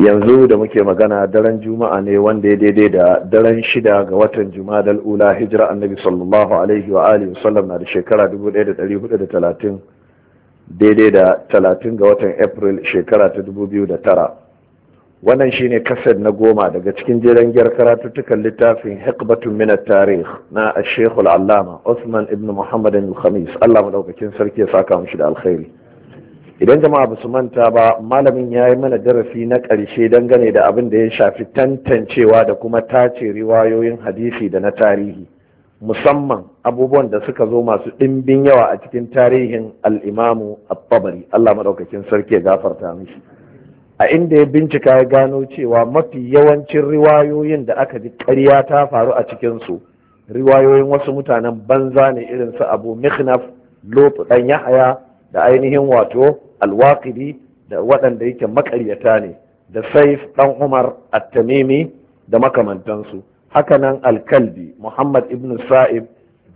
yanzu da muke magana daren juma'a ne wanda ya daidai da daren shida ga watan juma'a ula hijira annabi sallallahu alaihi wa alihi wasallam na da shekara 1430 daidai da 30 ga watan april shekara ta 2009 wannan shine kased na goma daga cikin jiran gyar karatuttukan littafin hikbatun min tarih na ashekul allama usman ibn muhammadin khamis allah daukakin sarki ya saka mushi da alkhairi idan jama'a ba su manta ba malamin ya yi mana darasi na ƙarshe dangane da abin da ya shafi tantancewa da kuma tace riwayoyin hadisi da na tarihi musamman abubuwan da suka zo masu ɗimbin yawa a cikin tarihin al'imamu at-tabari Allah maɗaukakin sarki ya gafarta mishi a inda ya bincika ya gano cewa mafi yawancin riwayoyin da aka ji ƙarya ta faru a cikin su riwayoyin wasu mutanen banza ne irin su abu mihnaf lot ɗan yahaya da ainihin wato alwaqidi da waɗanda yake makaryata ne da saif ɗan umar at-tamimi da makamantansu hakanan alkalbi muhammad ibn sa'ib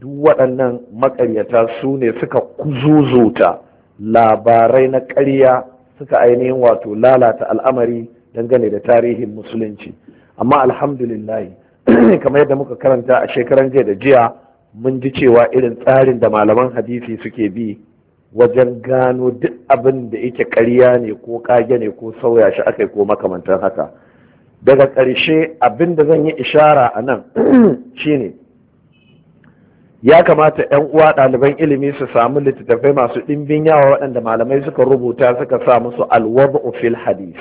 duk waɗannan makaryata su ne suka kuzuzuta labarai na ƙarya suka ainihin wato lalata al'amari dangane da tarihin musulunci amma alhamdulillahi kamar yadda muka karanta a shekaran jiya da jiya mun ji cewa irin tsarin da malaman hadisi suke bi wajen gano duk abin da yake ƙarya ne ko kage ne ko sauya shi aka yi ko makamantar haka daga ƙarshe abin da zan yi ishara a nan shine ya kamata 'yan uwa ɗaliban ilimi su samu littattafai masu ɗimbin yawa waɗanda malamai suka rubuta suka sa musu alwab ofil hadis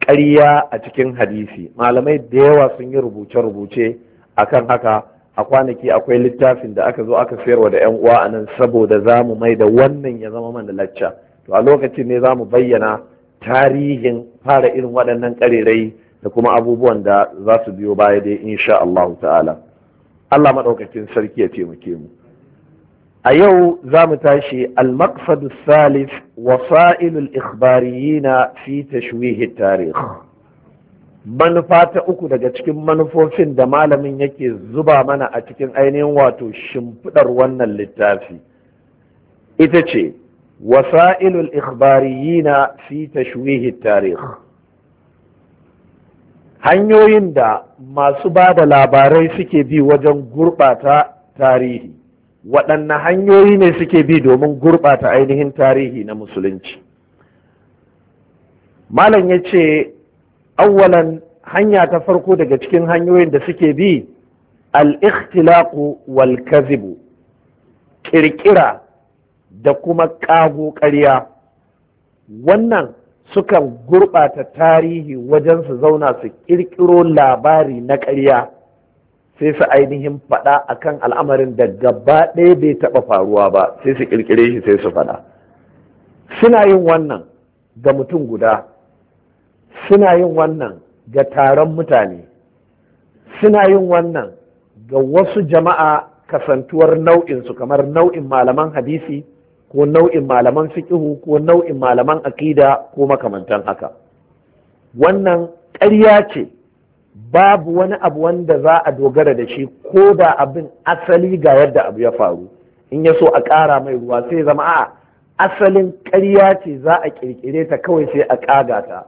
ƙarya a cikin hadisi malamai da yawa sun yi rubuce-rubuce akan haka a kwanaki akwai littafin da aka zo aka sayarwa da yan uwa anan saboda za mu mai da wannan ya zama mana lacca to a lokacin ne za mu bayyana tarihin fara irin waɗannan ƙarerai da kuma abubuwan da za su biyo baya dai insha Allah ta'ala Allah maɗaukakin sarki ya taimake mu a yau za mu tashi al maqsadus salif wasailul ikhbariyina fi tashwihi tarikh manufa ta uku daga cikin manufofin da malamin yake zuba mana a cikin ainihin wato shimfiɗar wannan littafi ita ce wasa'ilul ikhbariyina fi tashwihi tarih hanyoyin da masu ba da labarai suke bi wajen gurɓata tarihi waɗanne hanyoyi ne suke bi domin gurɓata ainihin tarihi na musulunci malam ya ce awwalan hanya ta farko daga cikin hanyoyin da suke bi al-ikhtilaqu wal kazibu kirkira da kuma ƙago ƙarya wannan sukan gurɓata tarihi wajen su zauna su ƙirƙiro labari na ƙarya sai su ainihin faɗa akan al'amarin da gaba ɗaya bai taɓa faruwa ba sai su ƙirƙire shi sai su faɗa suna yin wannan ga mutum guda suna yin wannan ga taron mutane suna yin wannan ga wasu jama'a kasantuwar nau'insu kamar nau'in malaman hadisi ko nau'in malaman fikihu ko nau'in malaman akida ko makamantan haka wannan ƙarya ce babu wani abu wanda za a dogara da shi ko da abin asali ga yadda abu ya faru in ya so a ƙara mai ruwa sai zama a asalin ƙarya ce za a ƙirƙire ta kawai sai a ƙaga ta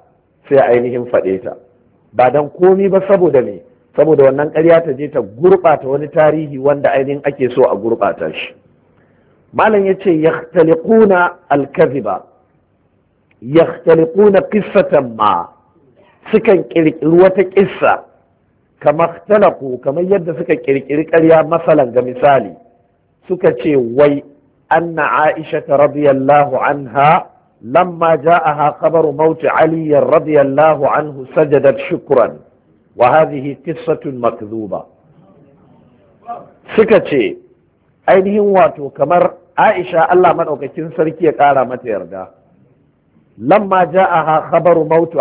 sai ainihin faɗe ta ba don komi ba saboda me saboda wannan ƙarya ta je ta gurɓata wani tarihi wanda ainihin ake so a gurɓata shi malam ya ce yahtaliquna alkaziba yahtaliquna qissatan ma sukan ƙirƙiri wata ƙissa kamar talaku kamar yadda suka ƙirƙiri ƙarya masalan ga misali suka ce wai anna aisha radiyallahu anha لما جاءها خبر موت علي رضي الله عنه سجدت شكرا وهذه قصة مكذوبة سكتي ainihin wato kamar aisha Allah maɗaukakin sarki ya ƙara mata yarda lamma ja'aha khabaru mautu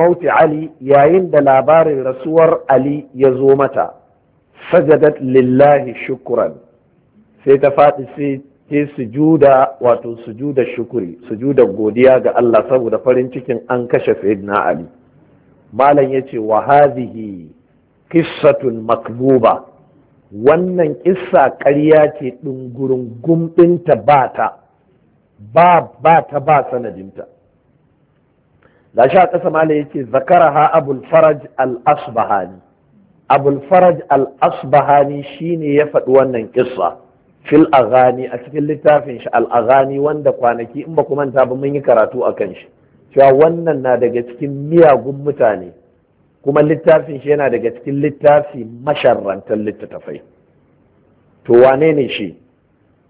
mauti ali yayin da labarin rasuwar ali ya zo mata sajadat lillahi shukuran sai ta faɗi sai sai sujuda wato sujuda shukuri sujuda godiya ga Allah saboda farin cikin an kashe sayyidina Ali malam yace wa hadhihi qissatun makbuba wannan kissa ƙarya ce ɗungurin gumbinta ba ta ba ba ta ba sanadinta da sha ƙasa malam yace zakaraha abul faraj al-asbahani abul faraj al-asbahani shine ya faɗi wannan kissa fil aghani a cikin littafin shi al aghani wanda kwanaki in ba ku manta ba mun yi karatu kan shi cewa wannan na daga cikin miyagun mutane kuma littafin shi yana daga cikin littafi masharrantar littattafai to wane ne shi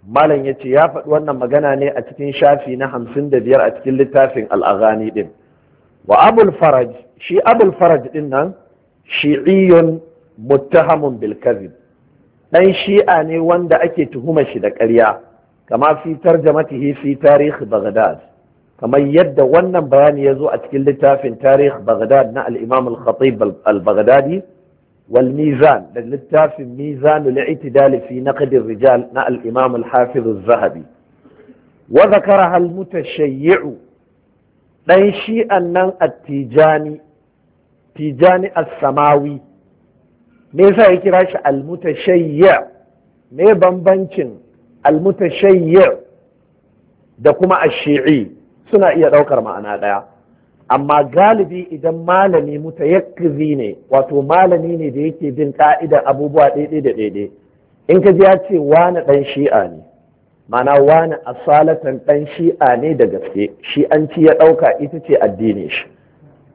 malam ya ce ya faɗi wannan magana ne a cikin shafi na hamsin da biyar a cikin littafin al'azani ɗin wa abul faraj shi abul faraj din nan shi'iyun muttahamun bil kazib ɗan shi'a ne wanda ake tuhumar shi da ƙarya kama fi tarjamatihi fi tarihi baghdad kamar yadda wannan bayani ya zo a cikin littafin tarihi baghdad na al-imam al-khatib al-baghdadi wal mizan da littafin mizan al-i'tidal fi naqd rijal na al-imam al-hafiz az-zahabi wa dhakaraha al-mutashayyi'u dan shi'an nan at-tijani tijani as-samawi me yasa ya kira shi almutashayya me bambancin almutashayya da kuma ashi'i suna iya ɗaukar ma'ana ɗaya amma galibi idan malami mutayakkizi ne wato malami ne da yake bin ka'idar abubuwa daidai da daidai, in ka ji ya ce wani ɗan shi'a ne mana wani asalatan ɗan shi'a ne da gaske shi'anci ya dauka ita ce addinin shi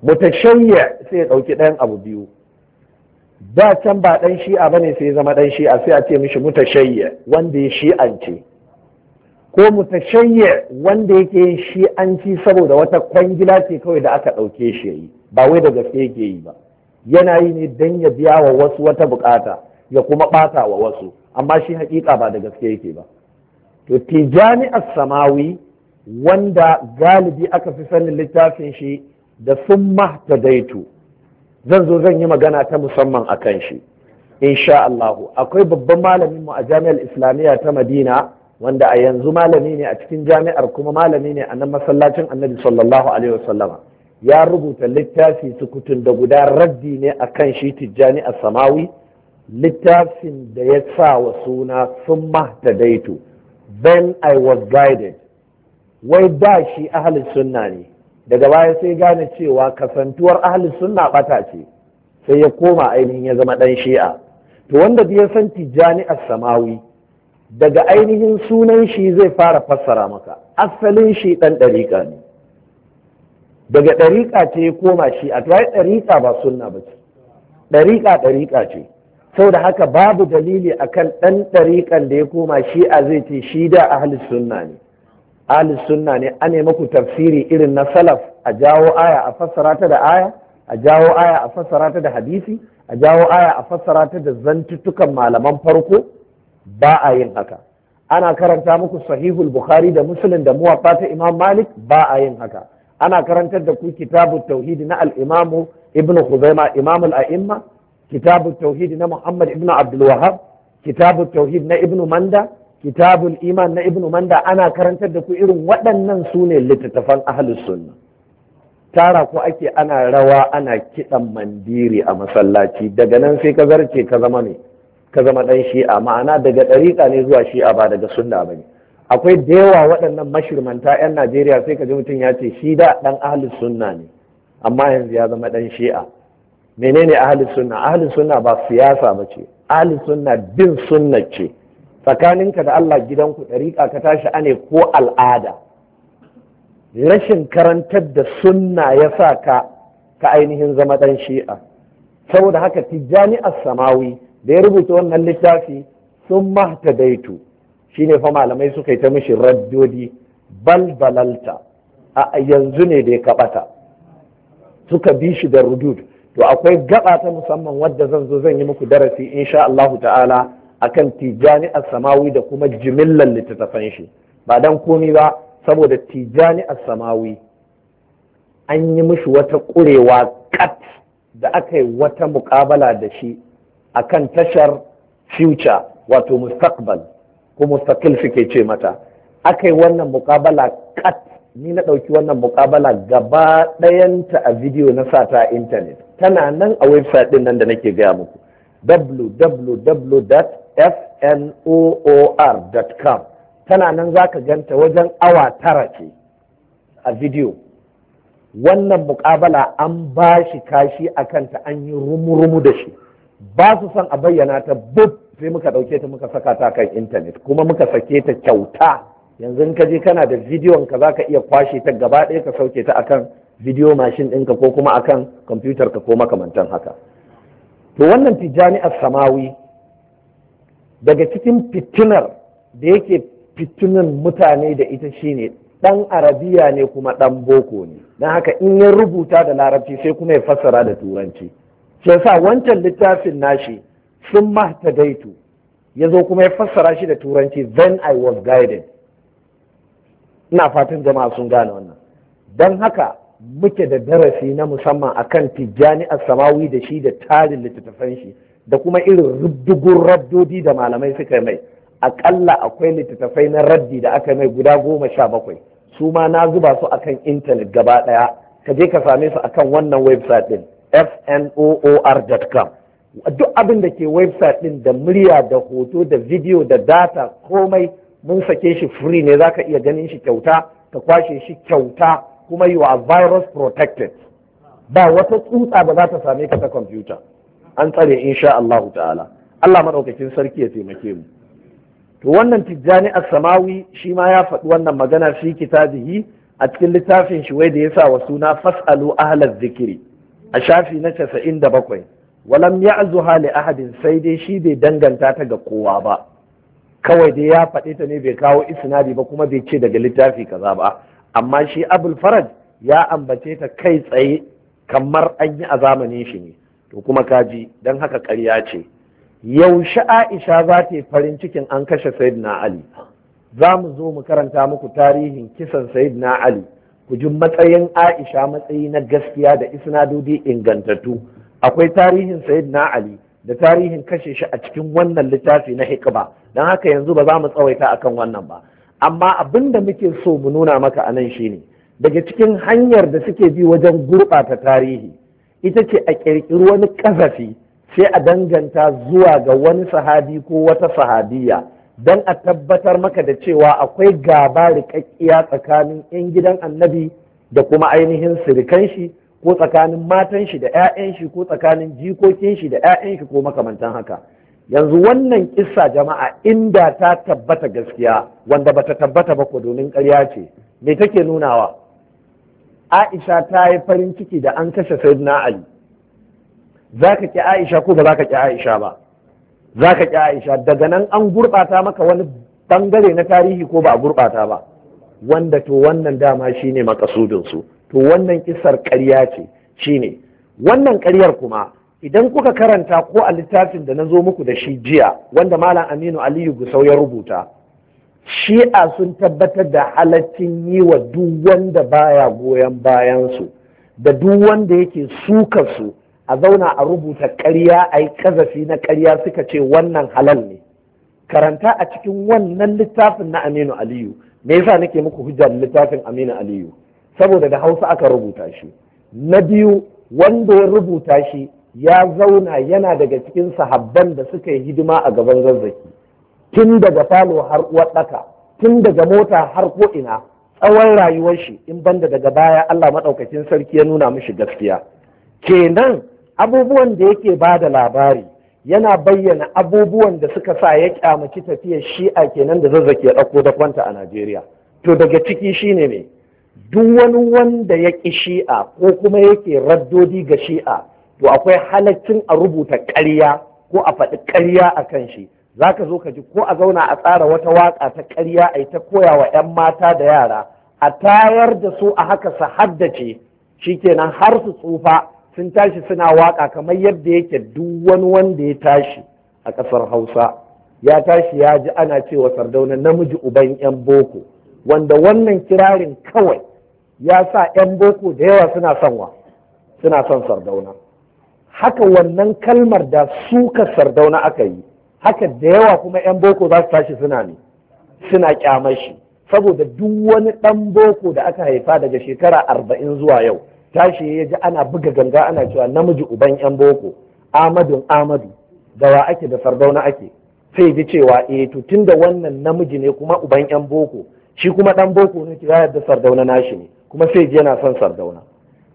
mutashayya sai ya ɗauki ɗayan abu biyu da can ba dan shi'a ne sai zama dan shi'a sai a ce mishi mutashayya wanda ya shi'ance ko mutashayya wanda yake yin shi'anci saboda wata kwangila ce kawai da aka ɗauke shi ya yi ba wai da gaske yake yi ba yana yi ne dan ya biya wa wasu wata bukata ya kuma ɓata wa wasu amma shi hakika ba da gaske yake ba to tijani as-samawi wanda galibi aka fi sanin littafin shi da sun mahtadaitu zan zo zan yi magana ta musamman a kan shi insha Allahu akwai babban malamin mu a jami'ar islamiyya ta madina wanda a yanzu malami ne a cikin jami'ar kuma malami ne a nan masallacin annabi sallallahu alaihi wasallama ya rubuta littafi sukutun da guda raddi ne a kan shi tijjani a samawi littafin da ya sa wa suna sun daito then i was guided wai ba shi ahalin sunna ne daga baya sai gane cewa kasantuwar ahli sunna bata ce sai ya koma ainihin ya zama ɗan shi'a to wanda ya san tijjani as-samawi daga ainihin sunan shi zai fara fassara maka asalin shi dan ɗariƙa ne daga ɗariƙa ce ya koma shi a tuwai ɗariƙa ba sunna ba ce ɗariƙa ɗariƙa ce saboda haka babu dalili akan ɗan ɗariƙan da ya koma shi a zai ce shi da ahli sunna ne ahli sunna ne ane maku tafsiri irin na salaf a jawo aya a fassara ta da aya a jawo aya a fassara ta da hadisi a jawo aya a fassara ta da zantuttukan malaman farko ba a yin haka ana karanta muku sahihul bukhari da muslim da muwaffa ta imam malik ba a yin haka ana karantar da ku kitabu tauhidi na al-imamu ibn khuzaima imam al-a'imma kitabu tauhidi na muhammad ibn abdul wahab kitabu tauhid na ibn manda kitabul iman na ibnu manda ana karantar da ku irin waɗannan su ne littattafan ahlus sunna tara ku ake ana rawa ana kiɗan mandiri a masallaci daga nan sai ka zarce ka zama ne ka zama ɗan shi'a ma'ana daga ɗariƙa ne zuwa shi'a ba daga sunna ba ne akwai da yawa waɗannan mashirmanta 'yan najeriya sai ka ji mutum ya ce shi da ɗan ahlus sunna ne amma yanzu ya zama ɗan shi'a menene ahlus sunna ahlus sunna ba siyasa ba ce ahlus sunna bin sunna ce tsakaninka da Allah gidanku ɗariƙa ka tashi ane ko al'ada rashin karantar da sunna ya sa ka ka ainihin zama ɗan shi'a saboda haka tijjani samawi da ya rubuta wannan littafi sun mahta daitu ne fa malamai suka yi ta mishi raddodi balbalalta a yanzu ne da ya kaɓata suka bi shi da rudud to akwai gaba ta musamman wadda zan zo zan yi muku darasi insha Allahu ta'ala akan tijani a samawi da kuma jimillar littattafan shi ba dan komi ba saboda tijani a samawi an yi mishi wata ƙurewa kat da aka yi wata mukabala da shi akan tashar future wato mustaqbal ko mustaqil suke ce mata aka yi wannan mukabala kat ni na ɗauki wannan mukabala gaba ɗayanta a bidiyo na sata intanet tana nan a website ɗin nan da nake gaya muku www.tijani.com fnoor.com tana nan za ka ganta wajen awa tara ce a vidiyo. wannan mukabala an ba shi kashi a kanta an yi rumu-rumu da shi ba su son a bayyana ta bub sai muka ɗauke ta muka saka ta kan intanet kuma muka sake ta kyauta yanzu ka je kana da bidiyon ka za ka iya kwashe ta gaba ɗaya ka sauke ta akan bidiyo mashin ɗinka ko kuma akan kwamfutar ka ko makamantan haka to wannan tijjani samawi daga cikin fitinar da yake fitinan mutane da ita shine ɗan arabiya ne kuma ɗan boko ne don haka in ya rubuta da larabci sai kuma ya fassara da turanci Ke sa wancan littafin nashi sun daitu ya zo kuma ya fassara shi da turanci then i was guided ina fatan jama'a sun gane wannan don haka muke da darasi na musamman akan tijjani samawi da shi da tarin littattafan shi da kuma irin rubdugun raddodi da malamai suka mai akalla akwai littattafai na raddi da aka mai guda goma sha bakwai su ma na zuba su akan intanet gaba ɗaya ka je ka same su akan wannan website ɗin fnoor.com duk abin da ke website ɗin da murya da hoto da video da data komai mun sake shi free ne zaka iya ganin shi kyauta ka kwashe shi kyauta kuma you are virus protected ba wata tsutsa ba za ta same ka ta kwamfuta. an tsare insha Allah ta'ala Allah madaukakin sarki ya taimake mu to wannan tijjani as-samawi shi ma ya faɗi wannan magana fi kitabihi a cikin littafin shi wai da ya sa wa suna fasalu ahlaz zikiri a shafi na 97 walam ya'zuha li ahadin sai dai shi bai danganta ta ga kowa ba kawai dai ya faɗi ta ne bai kawo isnadi ba kuma bai ce daga littafi kaza ba amma shi abul faraj ya ambace ta kai tsaye kamar an yi a zamanin shi ne to kuma kaji don haka karya ce yaushe aisha za ta yi farin cikin an kashe sayyidina ali za mu zo mu karanta muku tarihin kisan sayyidina ali ku ji matsayin aisha matsayi na gaskiya da isnadodi ingantattu akwai tarihin sayyidina ali da tarihin kashe shi a cikin wannan littafi na hikima don haka yanzu ba za mu tsawaita akan wannan ba amma abin da muke so mu nuna maka a nan shine daga cikin hanyar da suke bi wajen gurɓata tarihi ita ce a ƙirƙiri wani ƙazafi sai a danganta zuwa ga wani sahabi ko wata sahabiya don a tabbatar maka da cewa akwai gaba riƙaƙƙiya tsakanin 'yan gidan annabi da kuma ainihin sirikan shi ko tsakanin matan shi da 'ya'yan shi ko tsakanin jikokin shi da 'ya'yan shi ko makamantan haka yanzu wannan kissa jama'a inda ta tabbata gaskiya wanda bata tabbata ba ko domin ƙarya ce me take nunawa aisha ta yi farin ciki da an kashe sayyidina ali za ka ƙi aisha ko ba za ka ƙi aisha ba za ka ƙi aisha daga nan an gurɓata maka wani bangare na tarihi ko ba a gurɓata ba wanda to wannan dama shine makasudinsu to wannan kisar ƙarya ce shi ne. wannan ƙaryar kuma idan kuka karanta ko a littafin da na zo muku da shi jiya wanda malam aminu aliyu gusau ya rubuta shi'a sun tabbatar da halaccin yi wa duk wanda baya goyon bayansu da duk wanda yake suka su a zauna a rubuta karya a yi ƙazafi na karya suka ce wannan halal ne karanta a cikin wannan littafin na aminu aliyu me yasa nake muku hujjar littafin aminu aliyu saboda da hausa aka rubuta shi na biyu wanda ya rubuta shi ya zauna yana daga cikin sahabban da suka yi hidima a gaban zazzaki tun daga falo har ɗaka, tun daga mota har ko'ina, tsawon rayuwar shi in banda daga baya Allah maɗaukakin sarki ya nuna mishi gaskiya kenan abubuwan da yake ba da labari yana bayyana abubuwan da suka sa ya kyamaci tafiyar shi'a kenan da zazzake ya ɗauko da kwanta a Najeriya to daga ciki shine ne duk wani wanda ya ƙi shi'a ko kuma yake raddodi ga shi'a to akwai halaccin a rubuta ƙarya ko a faɗi ƙarya a kan shi za ka zo ka ji ko a zauna a tsara wata waƙa ta ƙarya a yi ta koya wa 'yan mata da yara a tayar da su a haka su haddace kenan har su tsufa sun tashi suna waƙa kamar yadda yake duk wani wanda ya tashi a ƙasar hausa ya tashi ya ji ana cewa sardauna namiji uban 'yan boko wanda wannan kirarin kawai ya sa 'yan boko da yawa suna son wa suna son sardauna haka wannan kalmar da suka sardauna aka yi haka da yawa kuma 'yan boko za su tashi suna ne suna kyamar shi saboda duk wani ɗan boko da aka haifa daga shekara arba'in zuwa yau tashi ya ji ana buga ganga ana cewa namiji uban 'yan boko amadun amadu gawa ake da sardauna ake sai ji cewa eh to tunda wannan namiji ne kuma uban 'yan boko shi kuma ɗan boko ne ya da sardauna nashi ne kuma sai ji yana son sardauna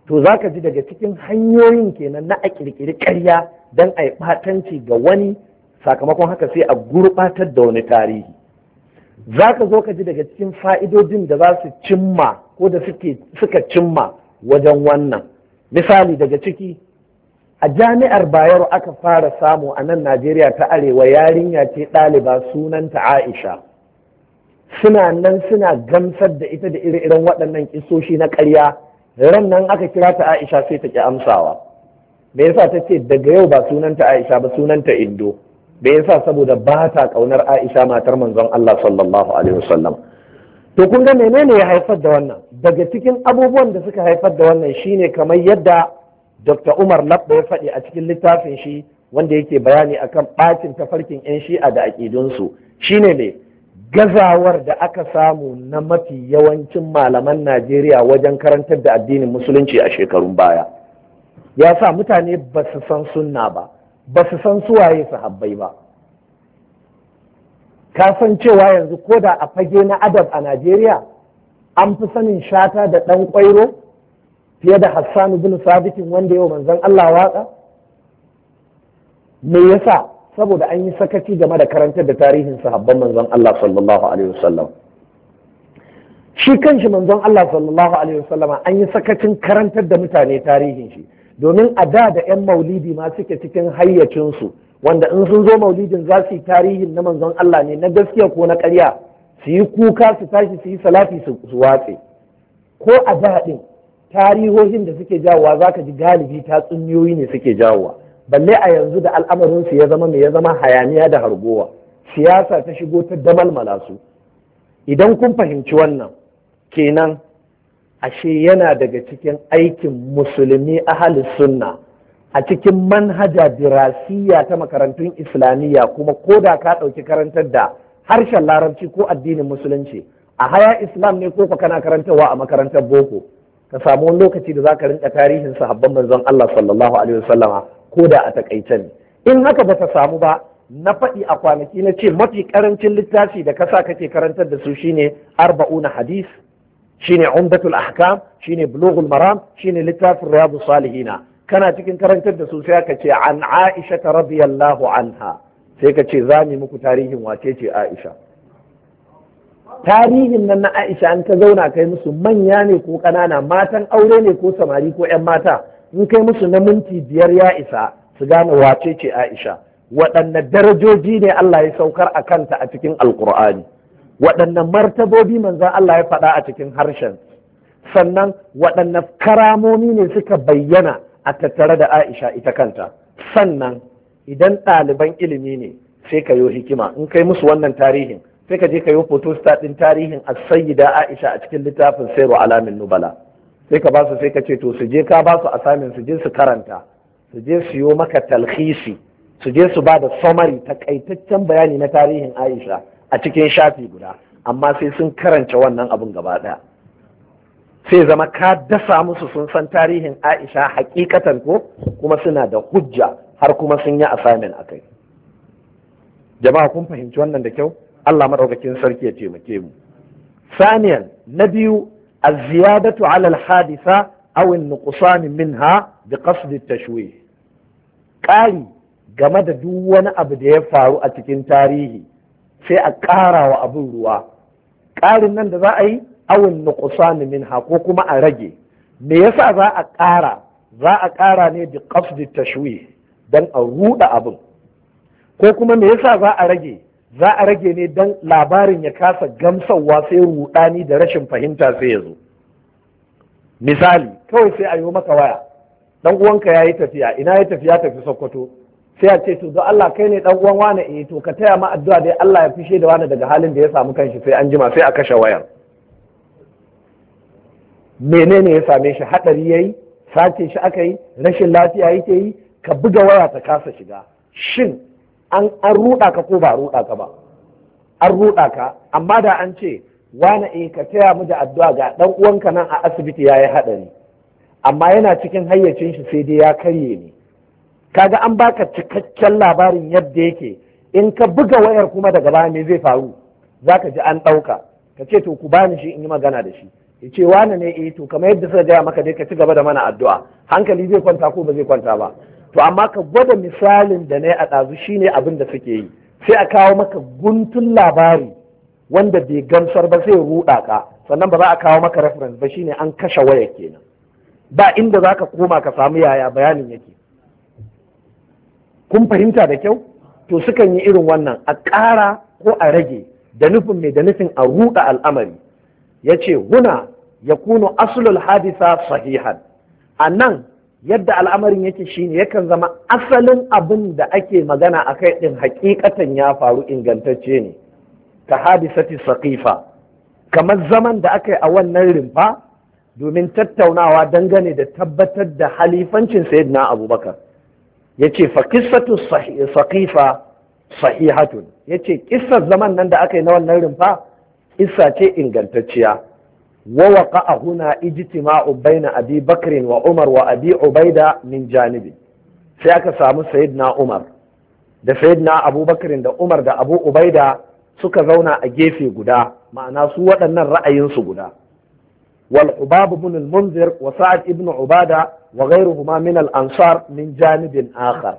to za ka ji daga cikin hanyoyin kenan na a ƙirƙiri ƙarya don a yi ɓatanci ga wani sakamakon haka sai a gurɓatar da wani tarihi za ka zo ka ji daga cikin fa'idodin da za su cimma ko da suka cimma wajen wannan misali daga ciki a jami'ar bayero aka fara samu a nan najeriya ta arewa yarinya ce ɗaliba sunanta aisha suna nan suna gamsar da ita da ire-iren waɗannan kisoshi na ƙarya ran nan aka kira ta aisha sai ta ƙi amsawa me yasa ta ce daga yau ba sunanta aisha ba sunanta indo da yasa saboda ba ta kaunar Aisha matar manzon Allah sallallahu alaihi wasallam to kun ga menene ya haifar da wannan daga cikin abubuwan da suka haifar da wannan shine kamar yadda Dr. Umar Labba ya faɗi a cikin littafin shi wanda yake bayani akan ɓacin tafarkin 'yan shi'a da aƙidunsu shine ne gazawar da aka samu na mafi yawancin malaman Najeriya wajen karantar da addinin musulunci a shekarun baya ya sa mutane ba su san sunna ba ba su san suwaye sahabbai ba ka san cewa yanzu ko da a fage na adab a najeriya an fi sanin shata da ɗan ƙwairo fiye da hassanu bin sabitin wanda yau manzon allah watsa me yasa saboda an yi sakaci game da karantar da tarihin sahabban manzon allah sallallahu alaihi wasallam shi kanshi manzon allah sallallahu alaihi wasallam an yi sakacin karantar da mutane tarihin shi domin a da da 'yan maulidi ma suke cikin hayyacinsu wanda in sun zo maulidin za su yi tarihin na manzon Allah ne na gaskiya ko na ƙarya su yi kuka su tashi su yi salafi su watse ko a da ɗin tarihohin da suke jawowa za ka ji galibi tatsuniyoyi ne suke jawowa balle a yanzu da al'amarinsu ya zama mai ya zama hayaniya da harbowa. siyasa ta shigo ta damalmala su idan kun fahimci wannan kenan ashe yana daga cikin aikin musulmi ahalin sunna a cikin manhaja dirasiya ta makarantun islamiyya kuma ko da ka ɗauki karantar da harshen larabci ko addinin musulunci a haya islam ne ko kana karantarwa a makarantar boko ka samu wani lokaci da za ka rinka tarihin sahabban manzon Allah sallallahu alaihi wasallama ko da a takaice ne in haka ba ta samu ba na faɗi a kwanaki na ce mafi karancin littafi da kasa kake karantar da su shine arba'una hadis shine umdatul ahkam shine bulughul maram shine littafin riyadu salihina kana cikin karantar da su sai aka ce an aisha ta radiyallahu anha sai ka ce za mu muku tarihin wace ce aisha tarihin nan na aisha an ta zauna kai musu manya ne ko ƙanana matan aure ne ko samari ko 'yan mata in kai musu na minti biyar ya isa su gane wace ce aisha waɗanne darajoji ne Allah ya saukar a kanta a cikin alkur'ani waɗanne martabobi manzon Allah ya faɗa a cikin harshen sannan waɗanne karamomi ne suka bayyana a tattare da Aisha ita kanta sannan idan ɗaliban ilimi ne sai ka yi hikima in kai musu wannan tarihin sai ka je ka yi photostat ɗin tarihin a sayyida Aisha a cikin littafin Sayru Alamin Nubala sai ka ba sai ka ce to su je ka basu su asamin su je su karanta su je su yo maka talhisi su je su ba da summary takaitaccen bayani na tarihin Aisha a cikin shafi guda amma sai sun karanta wannan abun gaba ɗaya sai zama ka dasa musu sun san tarihin aisha hakikatan ko kuma suna da hujja har kuma sun yi asamin a kai jama'a kun fahimci wannan da kyau allah maɗaukakin sarki ya taimake mu saniyan na biyu ziyadatu Hadisa على الحادثة Minha minha منها ta tashwih قال game da duk wani abu da ya faru a cikin tarihi sai a ƙara wa abin ruwa ƙarin nan da za a yi awin nuqsan minha ko kuma a rage me yasa za a ƙara za a ƙara ne bi qasdi tashwih dan a ruɗa abin ko kuma me yasa za a rage za a rage ne dan labarin ya kasa gamsarwa sai ruɗani da rashin fahimta sai ya zo misali kawai sai a yi maka waya dan uwanka ya yi tafiya ina ya tafiya tafi sokoto sai a ce to don Allah kai ne dan uwan wane eh to ka taya ma addu'a dai Allah ya fishe da wani daga halin da ya samu kanshi sai an jima sai a kashe wayar menene ya same shi hadari yayi sace shi aka yi rashin lafiya yake yi ka buga waya ta kasa shiga shin an an ruda ka ko ba ruda ka ba an ruda ka amma da an ce wane eh ka taya mu da addu'a ga dan uwanka nan a asibiti yayi hadari amma yana cikin hayyacin shi sai dai ya karye ne kaga an baka cikakken labarin yadda yake in ka buga wayar kuma daga baya me zai faru za ka ji an ɗauka ka ce to ku bani shi in yi magana da shi ya ce wani ne eh to kamar yadda suka gaya maka dai ka ci gaba da mana addu'a hankali zai kwanta ko ba zai kwanta ba to amma ka gwada misalin da na yi a ɗazu shi ne abin da suke yi sai a kawo maka guntun labari wanda bai gamsar ba sai ruɗa ka sannan ba za a kawo maka reference ba shine an kashe wayar kenan ba inda za ka koma ka samu yaya bayanin yake kun fahimta da kyau to sukan yi irin wannan a ƙara ko a rage da nufin mai da nufin a ruɗa al'amari ya ce huna ya kuno asulul hadisa sahihan a nan yadda al'amarin yake shine yakan zama asalin abin da ake magana a kai ɗin hakikatan ya faru ingantacce ne ka hadisati saqifa kamar zaman da aka yi a wannan rimfa domin tattaunawa dangane da tabbatar da halifancin sayyidina abubakar yace fa qissatu saqifa sahihatun yace kissar zaman nan da aka yi na wannan rumfa isa ce ingantacciya wa a huna ijtima'u Ubaina, abi bakr wa umar wa abi ubaida min janibi sai aka samu Sayyidna umar da Sayyidna abubakar da umar da abu ubaida suka zauna a gefe guda ma'ana su waɗannan ra'ayinsu guda والحباب بن المنذر وسعد ابن عبادة وغيرهما من الأنصار من جانب آخر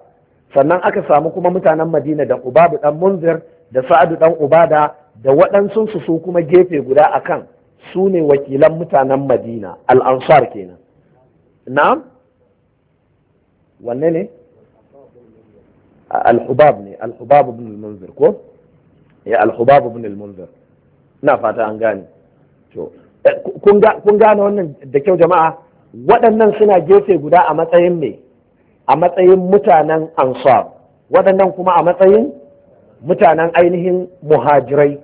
sannan aka samu kuma mutanen Madina da Ubabu dan Munzir da Sa'adu dan Ubada da waɗansu su kuma gefe guda akan su ne wakilan mutanen Madina al-Ansar kenan na'am wanne ne al ne al-Hubab ibn al-Munzir ko ya al-Hubab ibn al-Munzir na fata an gane to kun gane wannan da kyau jama'a waɗannan suna gefe guda a matsayin me a matsayin mutanen ansar waɗannan kuma a matsayin mutanen ainihin muhajirai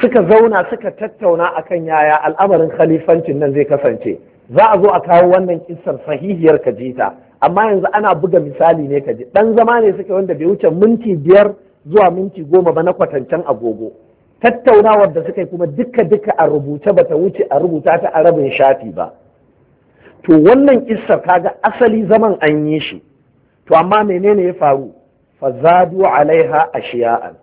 suka zauna suka tattauna akan yaya al'amarin khalifancin nan zai kasance za a zo a kawo wannan kisar sahihiyar kajita amma yanzu ana buga misali ne kaji Ɗan zama ne suka wanda bai wuce minti biyar zuwa minti goma ba na kwatancen agogo tattaunawar da suka yi kuma duka duka a rubuce ta wuce a rubuta ta a rabin shafi ba to wannan kissar kaga asali zaman an yi shi to amma menene ya faru Fa fazadu alaiha ashiya'an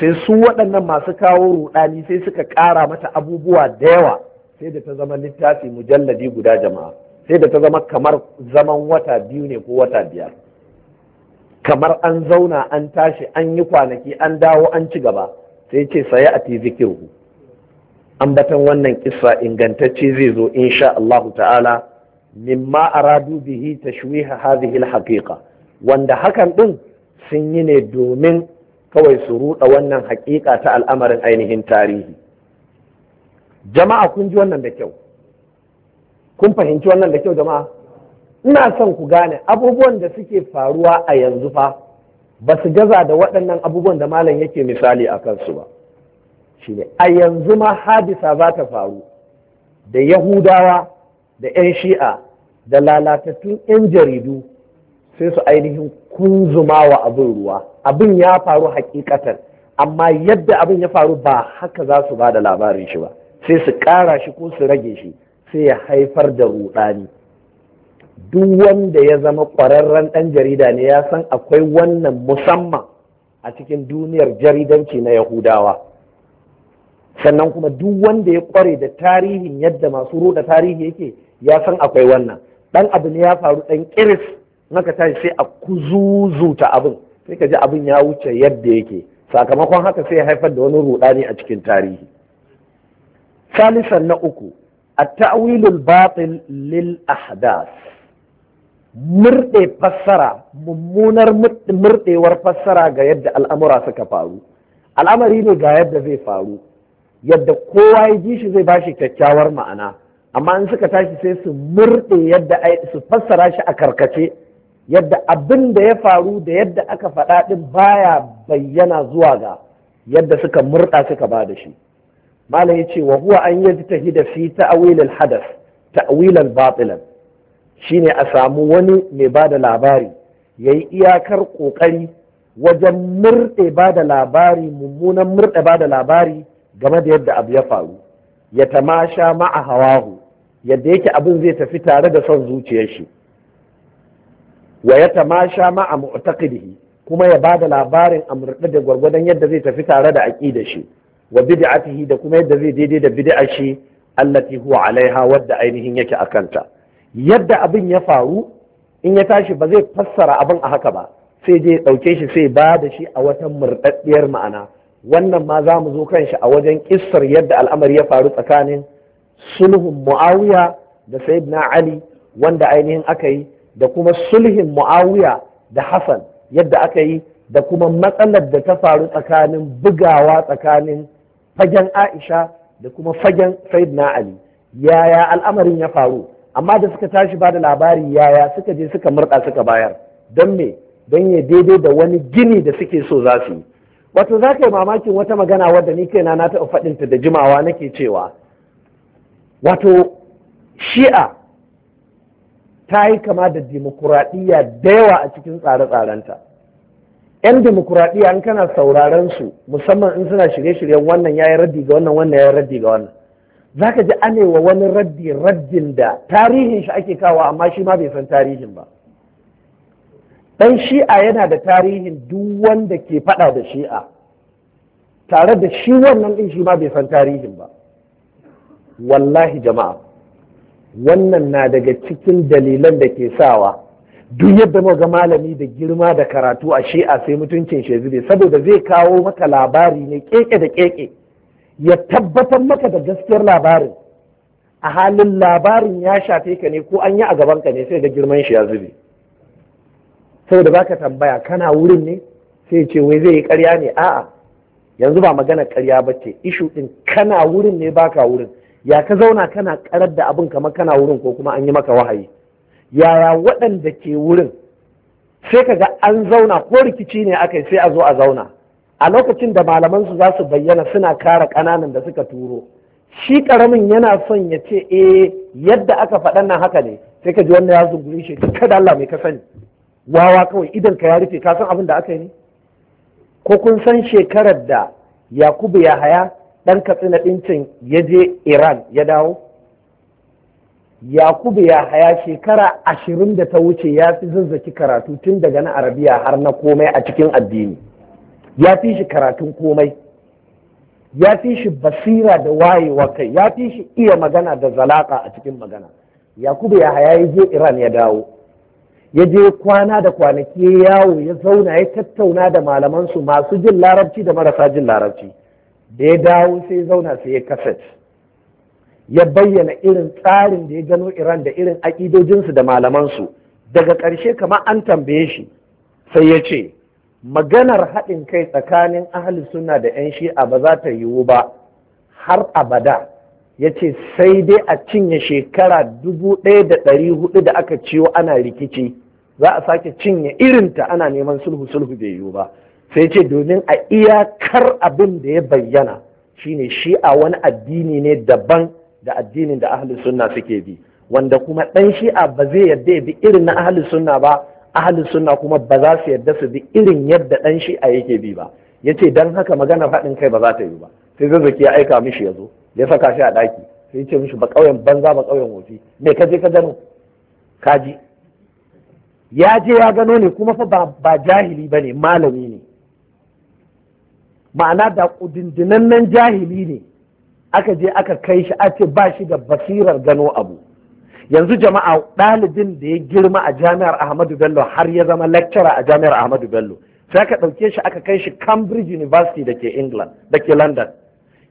sai su waɗannan masu kawo rudani sai suka ƙara mata abubuwa da yawa sai da ta zama littafi mujalladi guda jama'a sai da ta zama kamar zaman wata biyu ne ko wata biyar kamar an zauna an tashi an yi kwanaki an dawo an ci gaba sai ce saya a zikirhu ambatan wannan kisa ingantacce zai zo insha Allahu ta'ala mimma aradu bihi tashwiha hadhihi al wanda hakan din sun yi ne domin kawai su ruɗa wannan haƙiƙa ta al'amarin ainihin tarihi jama'a kun ji wannan da kyau kun fahimci wannan da kyau jama'a ina son ku gane abubuwan da suke faruwa a yanzu fa ba su gaza da waɗannan abubuwan da malam yake misali a kansu ba ne a yanzu ma hadisa za ta faru da yahudawa da 'yan shi'a da lalatattun 'yan jaridu sai su ainihin kunzuma wa abin ruwa abin ya faru hakikatan amma yadda abin ya faru ba haka za su ba da labarin shi ba sai su ƙara shi ko su rage shi sai ya haifar da ruɗani. duk wanda ya zama ƙwararren ɗan jarida ne ya san akwai wannan musamman a cikin duniyar jaridanci na yahudawa sannan kuma duk wanda ya ƙware da tarihin yadda masu ruɗa tarihi yake ya san akwai wannan ɗan abu ne ya faru ɗan kiris naka tashi sai a kuzuzuta abin sai ka ji abin ya wuce yadda yake sakamakon haka sai ya haifar da wani ne a cikin tarihi salisan na uku a Ta'awilul batil lil ahdas murɗe fassara mummunar murɗewar fassara ga yadda al'amura suka faru al'amari ne ga yadda zai faru yadda kowa ya ji shi zai bashi kyakkyawar ma'ana amma in suka tashi sai su murɗe yadda su fassara shi a karkace yadda abin da ya faru da yadda aka faɗa ɗin baya bayyana zuwa ga yadda suka murɗa suka ba da shi malam ya ce wa huwa an ta fi si hadas hadath ta'wilan batilan ne a samu wani mai ba da labari ya yi iyakar ƙoƙari wajen murɗe ba da labari mummunan murɗe ba da labari game da yadda abu ya faru ya tamasha ma'a hawahu yadda yake abin zai tafi tare da son zuciyar shi wa ya tamasha ma'a mu'taqidihi kuma ya bada labarin amurɗe da gwargwadon yadda zai tafi tare da aqidar shi wa bid'atihi da kuma yadda zai daidai da bid'ar shi allati huwa alaiha wadda ainihin yake akanta yadda abin ya faru in ya tashi ba zai fassara abin a haka ba sai je ɗauke shi sai ba da shi a wata murɗaɗɗiyar ma'ana wannan ma za mu zo kan shi a wajen ƙissar yadda al'amari ya faru tsakanin sulhun mu'awiya da sayyidina ali wanda ainihin aka yi da kuma sulhin mu'awiya da hassan yadda aka yi da kuma matsalar da ta faru tsakanin bugawa tsakanin fagen aisha da kuma fagen sayyidina ali yaya al'amarin ya faru amma da suka tashi ba da labari yaya suka je suka murɗa suka bayar don me don ya daidai da wani gini da suke so za su yi wato za ka yi mamakin wata magana wadda ni kaina na taɓa faɗinta da jimawa nake cewa wato shi'a ta yi kama da dimokuraɗiyya da yawa a cikin tsare-tsarenta 'yan dimokuraɗiyya in kana sauraron su musamman in suna shirye-shiryen wannan ya yi raddi ga wannan wannan ya yi raddi ga wannan za ka ji anewa wani raddi raddin da tarihin shi ake kawo amma shi ma bai san tarihin ba dan shi'a yana da tarihin duk wanda ke fada da shi'a tare da shi wannan ɗin shi ma bai san tarihin ba wallahi jama'a wannan na daga cikin dalilan da ke sawa duk yadda muka malami da girma da karatu a shi'a sai mutuncin shi zube saboda zai kawo maka labari ne keke da keke ya tabbatar maka da gaskiyar labarin a halin labarin ya shafe ka ne ko an yi a gabanka ka ne sai da girman shi ya zube saboda ba ka tambaya kana wurin ne sai ce wai zai yi karya ne a'a yanzu ba magana karya ba ce ishu din kana wurin ne ba ka wurin ya ka zauna kana karar da abin kamar kana wurin ko kuma an yi maka wahayi yaya waɗanda ke wurin sai ka ga an zauna ko rikici ne aka sai a zo a zauna a lokacin da malaman su za su bayyana suna kara kananan da suka turo shi karamin yana son ya ce eh yadda aka faɗan nan haka ne sai ka ji wannan ya zunguri shi kada Allah mai ka sani wawa kawai idan ka ya rufe ka san abin da aka yi ne ko kun san shekarar da Yakubu ya haya ɗan katsina dincin ya je Iran ya dawo? Yakubu ya haya shekara ashirin da ta wuce ya fi zazzaki karatu tun daga na Arabiya har na komai a cikin addini. ya fi shi karatun komai ya fi shi basira da wayewa kai ya fi shi iya magana da zalaka a cikin magana yakubu ya haya ya je iran ya dawo ya je kwana da kwanaki ya yawo ya zauna ya tattauna da malamansu masu jin larabci da marasa jin larabci da ya dawo sai ya zauna sai ya kaset ya bayyana irin tsarin da ya gano iran da irin aƙidojinsu da malamansu daga ƙarshe kamar an tambaye shi sai ya ce maganar haɗin kai tsakanin ahli suna da 'yan shi'a ba za ta yiwu ba har abada ya ce sai dai a cinye shekara dubu ɗaya da ɗari hudu da aka ciwo ana rikici za a sake cinye irinta ana neman sulhu sulhu bai yiwu ba sai ce domin a iyakar abin da ya bayyana shine shi'a wani addini ne daban da addinin da ahli suna suke bi wanda kuma ɗan shi'a ba zai yadda ya bi irin na ahli suna ba ahalin sunna kuma ba za su yadda su bi irin yadda ɗan shi'a yake bi ba ya ce don haka magana faɗin kai ba za ta yi ba sai zazzaki ya aika mishi ya zo ya saka shi a ɗaki sai ya ce mishi ba ƙauyen banza ba ƙauyen wofi me ka je ka gano kaji ya je ya gano ne kuma fa ba jahili ba ne malami ne ma'ana da kudindinannen jahili ne aka je aka kai shi a ce ba shi da basirar gano abu yanzu jama'a ɗalibin da ya girma a jami'ar ahmadu bello har ya zama lecturer a jami'ar ahmadu bello sai aka ɗauke shi aka kai shi cambridge university da ke england da ke london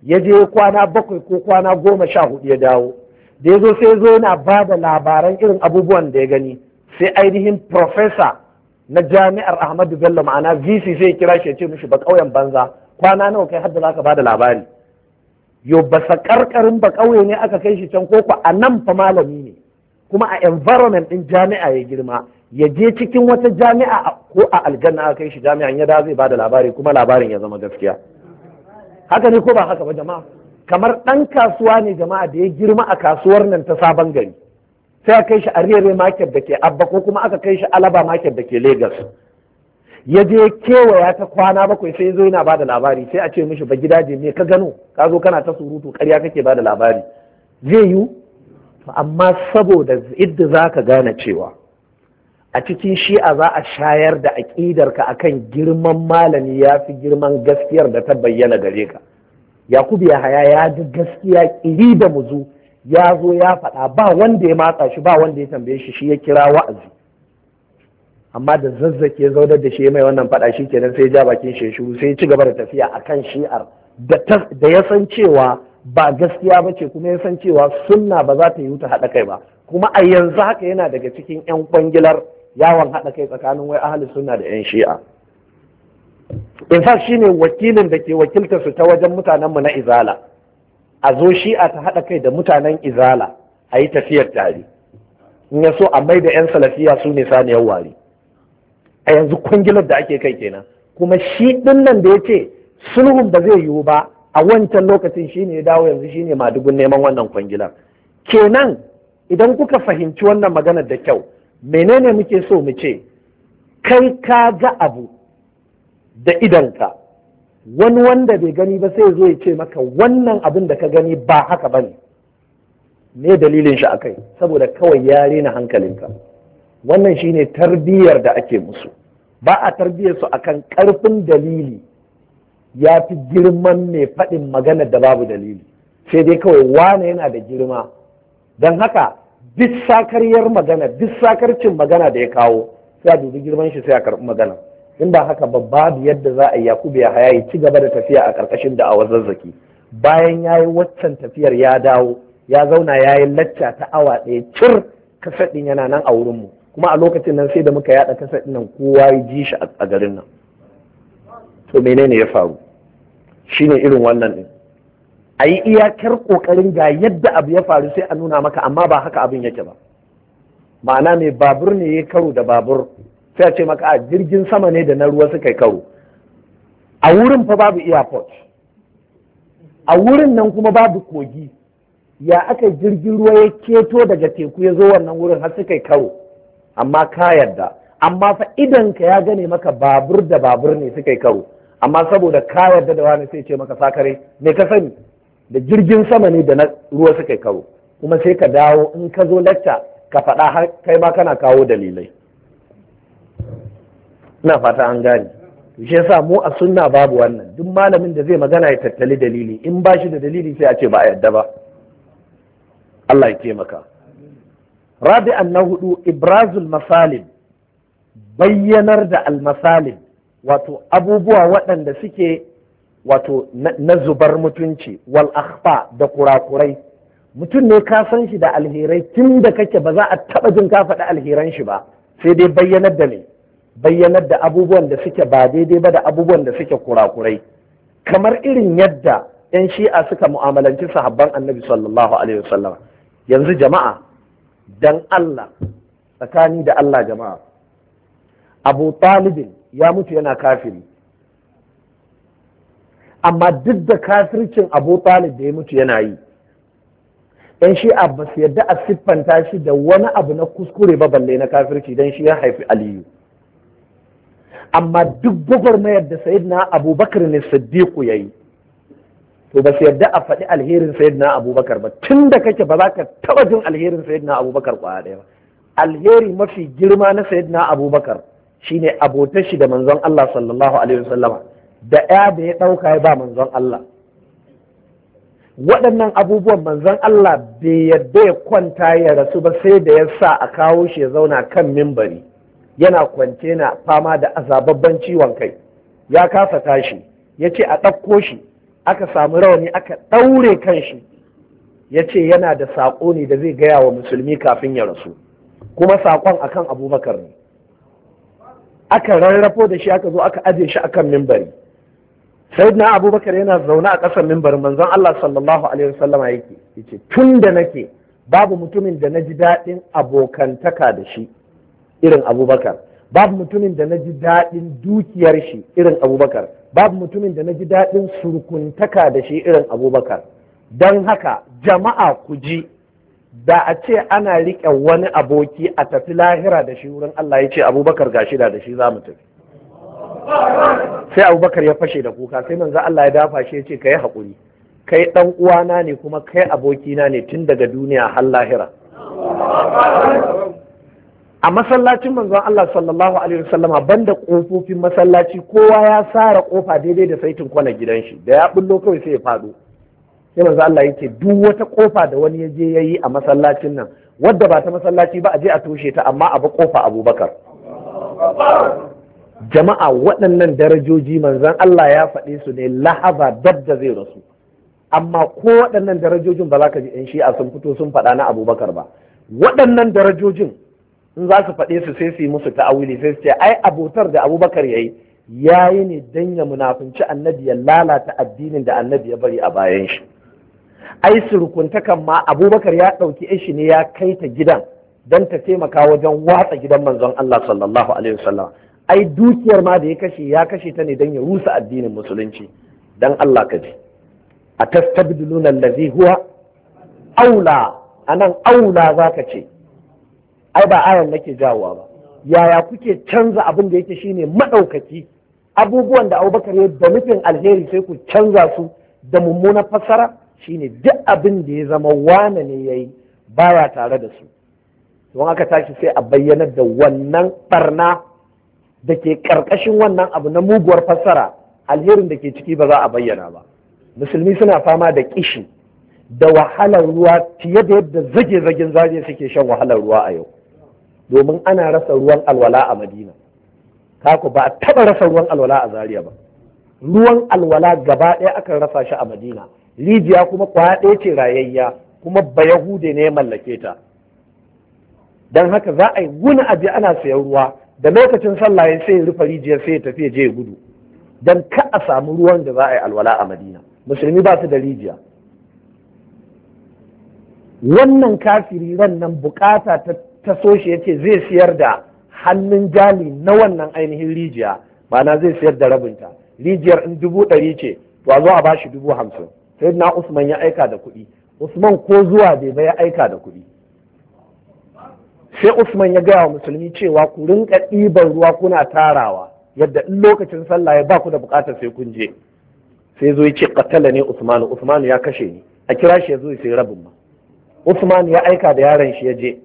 ya je kwana bakwai ko kwana goma sha hudu ya dawo da ya zo sai zo yana ba da labaran irin abubuwan da ya gani sai ainihin professor na jami'ar ahmadu bello ma'ana vc sai ya kira shi ya ce mishi ba ƙauyen banza kwana nawa kai hadda za ka ba da labari yo ba sa karkarin ba ƙauye ne aka kai shi can koko a nan fa malami ne kuma a environment din jami'a ya girma ya je cikin wata jami'a ko a aljanna aka kai shi jami'an ya da zai bada labari kuma labarin ya zama gaskiya haka ne ko ba haka ba jama'a kamar ɗan kasuwa ne jama'a da ya girma a kasuwar nan ta sabon gari sai aka kai shi arere market da ke abba ko kuma aka kai shi alaba market da ke lagos ya je kewaya ta kwana bakwai sai zo yana bada labari sai a ce mishi ba gidaje me ka gano ka zo kana ta surutu karya kake ba da labari zai yiwu amma saboda idda za ka gane cewa a cikin shi'a za a shayar da aƙidarka akan girman malami ya fi girman gaskiyar da ta bayyana gare ka yakubu ya haya ya ji gaskiya ƙiri da muzu ya zo ya faɗa ba wanda ya matsa shi ba wanda ya tambaye shi shi ya kira wa'azi amma da zazzake zaunar da shi mai wannan faɗa shi kenan sai ja bakin shi shiru sai ci gaba da tafiya akan shi'ar da ya san cewa ba gaskiya ba ce kuma ya san cewa sunna ba za ta yi ta haɗa kai ba kuma a yanzu haka yana daga cikin 'yan kwangilar yawon haɗa kai tsakanin wai ahalin sunna da 'yan shi'a in fact shine wakilin da ke wakiltar su ta wajen mutanenmu na izala a zo shi'a ta haɗa kai da mutanen izala a yi tafiyar tare in ya so a mai da 'yan salafiya su ne saniyar wari a yanzu kwangilar da ake kai kenan kuma shi ɗin nan da ya ce sulhun ba zai yiwu ba a wancan lokacin shine ya dawo yanzu shine madugun neman wannan kwangila kenan idan kuka fahimci wannan maganar da kyau menene muke so mu ce kai ka ga abu da idanka wani wanda bai gani ba sai zo ya ce maka wannan abin da ka gani ba haka ba ne me dalilin shi akai saboda kawai ya rena hankalinka wannan shine tarbiyyar da ake musu ba a tarbiyyar su akan ƙarfin dalili ya fi girman mai faɗin magana da babu dalili sai dai kawai wane yana da girma don haka duk sakaryar magana duk sakarcin magana da ya kawo sai a dubi girman shi sai a karɓi magana in ba haka ba babu yadda za a yi yakubu ya haya ya ci gaba da tafiya a ƙarƙashin da a zazzaki bayan ya yi waccan tafiyar ya dawo ya zauna ya yi lacca ta awa ɗaya cir kasaɗin yana nan a wurinmu kuma a lokacin nan sai da muka yaɗa kasaɗin nan kowa ya ji shi a garin nan to menene ya faru Shi ne irin wannan din a yi iyakar ƙoƙarin ga yadda abu ya faru sai a nuna maka amma ba haka abin yake ba ma'ana mai babur ne ya karo da babur sai a ce maka a jirgin sama ne da na ruwa suka yi karo a wurin fa babu airport a wurin nan kuma babu kogi ya aka jirgin ruwa ya keto daga teku ya zo wannan wurin har suka yi karo amma ka yarda amma fa idan ka ya gane maka babur da babur ne suka yi karo amma saboda ka yarda da wani sai ce maka sakare me ka sani da jirgin sama ne da na ruwa suka karo kuma sai ka dawo in ka zo lacca ka faɗa har kai ma kana kawo dalilai ina fata an gane shi yasa mu a sunna babu wannan duk malamin da zai magana ya tattali dalili in ba shi da dalili sai a ce ba a yarda ba Allah ya taimaka rabi'an na hudu ibrazul masalim bayyanar da al-masalim wato abubuwa waɗanda suke wato na zubar mutunci wal akhfa da kurakurai mutum ne ka san shi da alherai tun da kake ba za a taɓa jin ka faɗi alheran shi ba sai dai bayyanar da ne bayyanar da abubuwan da suke ba daidai ba da abubuwan da suke kurakurai kamar irin yadda 'yan shi'a suka mu'amalanci sahabban annabi sallallahu alaihi wasallam yanzu jama'a dan Allah tsakani da Allah jama'a Abu Talibin ya mutu yana kafiri amma duk da kafircin abu talib da ya mutu yana yi dan shi ba yadda a siffanta shi da wani abu na kuskure ba balle na kafirci dan shi ya haifi aliyu amma duk gwagwarmayar da sayidina abubakar ne siddiqu ya yi to ba su yadda a faɗi alherin sayidina abubakar ba tun da kake ba za ka taɓa jin alherin sayidina abubakar ɗaya ba alheri mafi girma na sayidina abubakar shine abotar shi da manzon Allah sallallahu alaihi wasallama da ya da ya ɗauka ya ba manzon Allah waɗannan abubuwan manzon Allah bai yadda ya kwanta ya rasu ba sai da ya sa a kawo shi ya zauna kan mimbari yana kwance na fama da azababban ciwon kai ya kasa tashi ya ce a ɗauko shi aka samu rawani aka ɗaure kan shi ya ce yana da saƙo ne da zai gaya wa musulmi kafin ya rasu kuma saƙon akan abubakar ne aka rarrafo da shi aka zo aka aje shi akan mimbari sayyidina abubakar yana zaune a ƙasar mimbar manzon Allah sallallahu alaihi wasallama yake yace tun da nake babu mutumin da naji daɗin abokantaka da shi irin abubakar babu mutumin da naji daɗin dukiyar shi irin abubakar babu mutumin da naji daɗin surkuntaka da shi irin abubakar don haka jama'a ku ji da a ce ana riƙe wani aboki a tafi lahira da shi wurin Allah ya ce abubakar gashi shida da shi za mu tafi sai abubakar ya fashe da kuka sai manzo Allah ya dafa shi ya ce kai haƙuri kai ɗan uwana ne kuma kai abokina ne tun daga duniya har lahira a masallacin manzon Allah sallallahu alaihi wasallama banda kofofin masallaci kowa ya sara ƙofa daidai da saitin kwana gidan shi da ya bullo kawai sai ya faɗo sai manzo Allah yake duk wata kofa da wani ya je yayi a masallacin nan wadda ba ta masallaci ba a je a toshe ta amma a ba kofa Abubakar jama'a waɗannan darajoji manzon Allah ya faɗe su ne lahaba dab da zai rasu amma ko waɗannan darajojin ba za ka ji in a sun fito sun faɗa na Abubakar ba waɗannan darajojin in za su faɗe su sai su yi musu ta'awili sai su ce ai abotar da abubakar ya yi ya yi ne don ya munafunci annabi ya lalata addinin da annabi ya bari a bayan shi ai surukunta surukuntakan ma abubakar ya ɗauki shi ne ya kai ta gidan don ta taimaka wajen watsa gidan manzon Allah sallallahu alaihi wasallam ai dukiyar ma da ya kashe ya kashe ta ne don ya rusa addinin musulunci Don Allah ka ji a tastabdiluna allazi huwa aula anan aula zaka ce ai ba ayan nake jawowa ba yaya kuke canza abin da yake shine madaukaki abubuwan da Abubakar ya da nufin alheri sai ku canza su da mummunar fassara shine duk abin da ya zama wane ne ya yi bara tare da su don aka tashi sai a bayyana da wannan barna da ke karkashin wannan abu na muguwar fassara alherin da ke ciki ba za a bayyana ba musulmi suna fama da kishi da wahalar ruwa fiye da yadda zage-zagen zage suke shan wahalar ruwa a yau domin ana rasa ruwan alwala a madina kaku ba a taɓa rasa ruwan alwala a zaria ba ruwan alwala gaba ɗaya akan rasa shi a madina rijiya kuma kwaya ɗaya ce rayayya kuma Bayahude yahude ne ya mallake ta don haka za a yi guna aje ana sayan ruwa da lokacin sallah ya sai rufe rijiyar sai ya tafiya je gudu don ka a samu ruwan da za a yi alwala a madina musulmi ba su da rijiya wannan kafiri ran nan bukata ta ta zai siyar da hannun jali na wannan ainihin rijiya na zai siyar da rabinta rijiyar in dubu ɗari ce to a zo a ba shi dubu hamsin na usman ya aika da kuɗi usman ko zuwa bai ba ya aika da kuɗi sai usman ya gaya wa musulmi cewa ku rinka ɗiban ruwa kuna tarawa yadda in lokacin sallah ya ba ku da bukatar sai kun je sai zo ya ce katala ne usmanu usmanu ya kashe ni a kira shi ya zo sai rabin ma usman ya aika da yaron shi ya je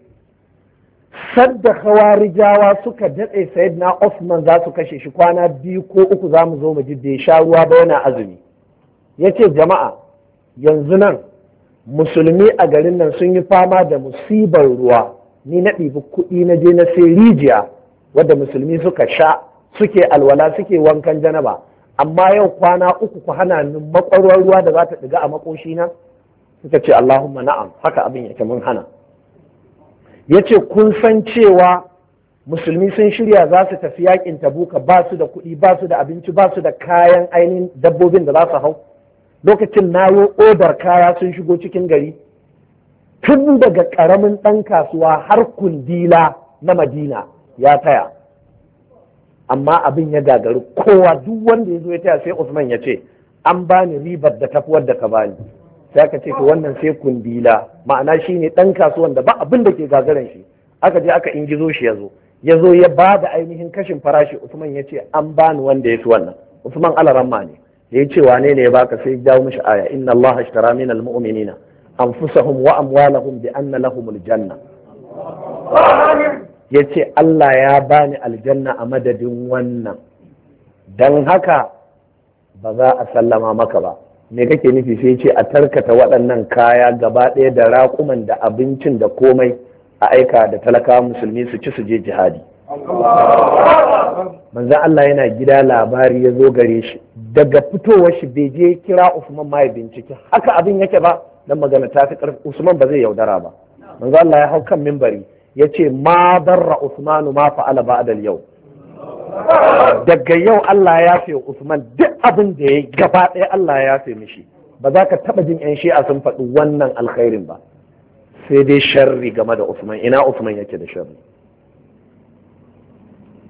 sadda khawarijawa suka datse sayyidina usman za su kashe shi kwana biyu ko uku za mu zo mu ji bai sha ruwa ba yana azumi ya ce jama'a yanzu nan musulmi a garin nan sun yi fama da musibar ruwa ni na ɗibi kuɗi na je na sai rijiya wadda musulmi suka sha suke alwala suke wankan janaba amma yau kwana uku ku hana ni makwarwar ruwa da za ta ɗiga a makoshina suka ce Allahumma na'am haka abin yake mun hana ya ce kun san cewa musulmi sun shirya za su tafi yakin tabuka ba su da kuɗi ba su da abinci ba su da kayan ainihin dabbobin da za su hau lokacin na yi odar kaya sun shigo cikin gari tun daga karamin ɗan kasuwa har kundila na madina ya taya amma abin ya gagari kowa duk wanda ya zo ya taya sai usman ya ce an bani ribar da tafi wadda ka bani sai aka ce wannan sai kundila ma'ana shine ɗan kasuwan da ba abin da ke gagaran shi aka je aka ingizo shi ya zo ya zo ya ba da ainihin kashin farashi usman ya ce an bani wanda ya fi wannan usman alaramma ne ya ce wane ne ya baka sai jawo mishi aya inna allaha ashtara min almu'minina anfusahum wa amwalahum bi anna lahumul janna ya ce Allah ya bani aljanna a madadin wannan don haka ba za a sallama maka ba me kake nufi sai ce a tarkata waɗannan kaya gaba ɗaya da raƙuman da abincin da komai a aika da talakawa musulmi su ci su je jihadi manzan Allah yana gida labari ya zo gare shi daga fitowar shi bai je kira Usman ma ya bincike haka abin yake ba dan magana ta fi ƙarfi Usman ba zai yaudara ba manzan Allah ya hau kan mimbari ya ce ma darra Usmanu ma fa'ala adal yau daga yau Allah ya fi Usman duk abin da ya gaba ɗaya Allah ya fi mishi ba za ka taɓa jin 'yan shi'a sun faɗi wannan alkhairin ba sai dai sharri game da Usman ina Usman yake da sharri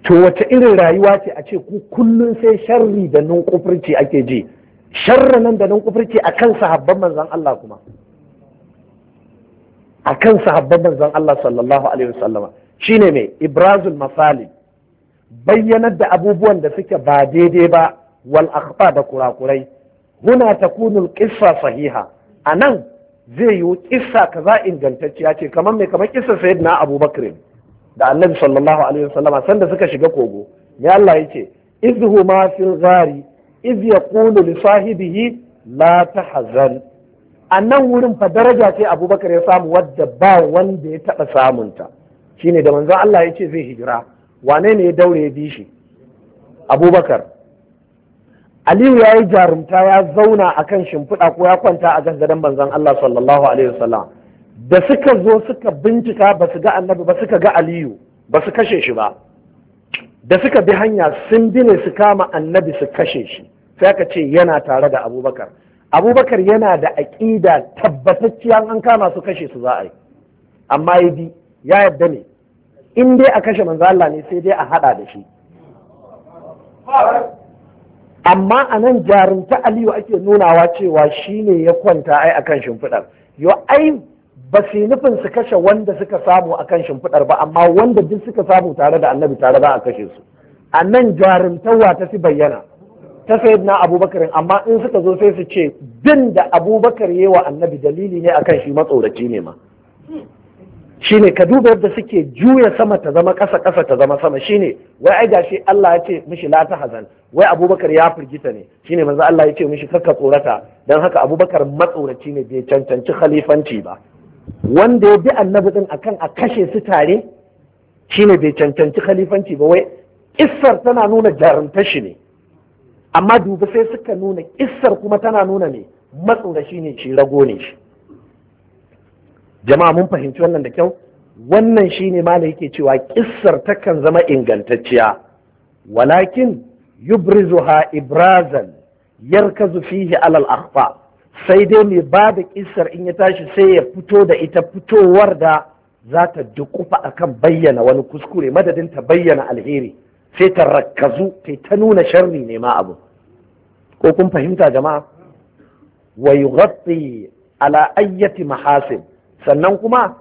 to wace irin rayuwa ce a ce ku kullum sai sharri da nan kufurci ake ji sharri nan da nan kufurci a kan sahabban manzan Allah kuma a kan sahabban manzan Allah sallallahu alaihi wasallama shine mai ibrazul masali bayyanar da abubuwan da suke ba daidai ba wal akhfa da kurakurai huna takunul qissa sahiha anan zai yi kissa kaza ingantacciya ce kamar mai kamar kissa sayyidina abubakar da annabi sallallahu alaihi sallama sanda suka shiga kogo me Allah yace izhu ma fil ghari iz yaqulu li sahibihi la tahzan annan wurin fa daraja ce Abubakar ya samu wadda ba wanda ya taba samunta shine da manzo Allah yace zai hijira wane ne ya daure ya bi shi Abubakar Aliyu ya yi jarumta ya zauna akan kan shimfiɗa ko ya kwanta a gangaren manzon Allah sallallahu alaihi wasallam da suka zo suka bincika ba su ga annabi ba suka ga aliyu ba su kashe shi ba da suka bi hanya sun bi ne su kama annabi su kashe shi sai aka ce yana tare da abubakar abubakar yana da aƙida tabbatacciyar an kama su kashe su za a yi amma ya bi ya yadda ne in dai a kashe manzo Allah ne sai dai a hada da shi amma a nan jarumta aliyu ake nunawa cewa shi ne ya kwanta ai akan shimfiɗar yo ai ba su nufin su kashe wanda suka samu a kan shimfiɗar ba amma wanda duk suka samu tare da annabi tare za a kashe su a nan jarumtawa ta fi bayyana ta sayid na abubakarin amma in suka zo sai su ce bin da abubakar yi wa annabi dalili ne akan shi matsoraci ne ma shine ka duba yadda suke juya sama ta zama kasa-kasa ta zama sama shine wai ai shi Allah ya ce mishi la ta hazan wai abubakar ya firgita ne shine manzo Allah ya ce mishi kakka tsorata dan haka abubakar matsoraci ne bai cancanci khalifanci ba wanda ya bi annabi din akan a kashe su tare shine bai cancanci khalifanci ba wai Isar tana nuna jarumta shi ne amma dubi sai suka nuna isar kuma tana nuna ne matsorashi ne shi rago ne shi jama'a mun fahimci wannan da kyau wannan shine ma da yake cewa kissar takan zama ingantacciya walakin yubrizuha ibrazan yarkazu fihi alal akhfa sai dai mai ba da kisar in ya tashi sai ya fito da ita fitowar da za ta dukufa akan bayyana wani kuskure madadin ta bayyana alheri sai ta rakkazu ta ta nuna sharri ne ma abu ko kun fahimta jama'a Wai yughatti ala ayyati mahasin sannan kuma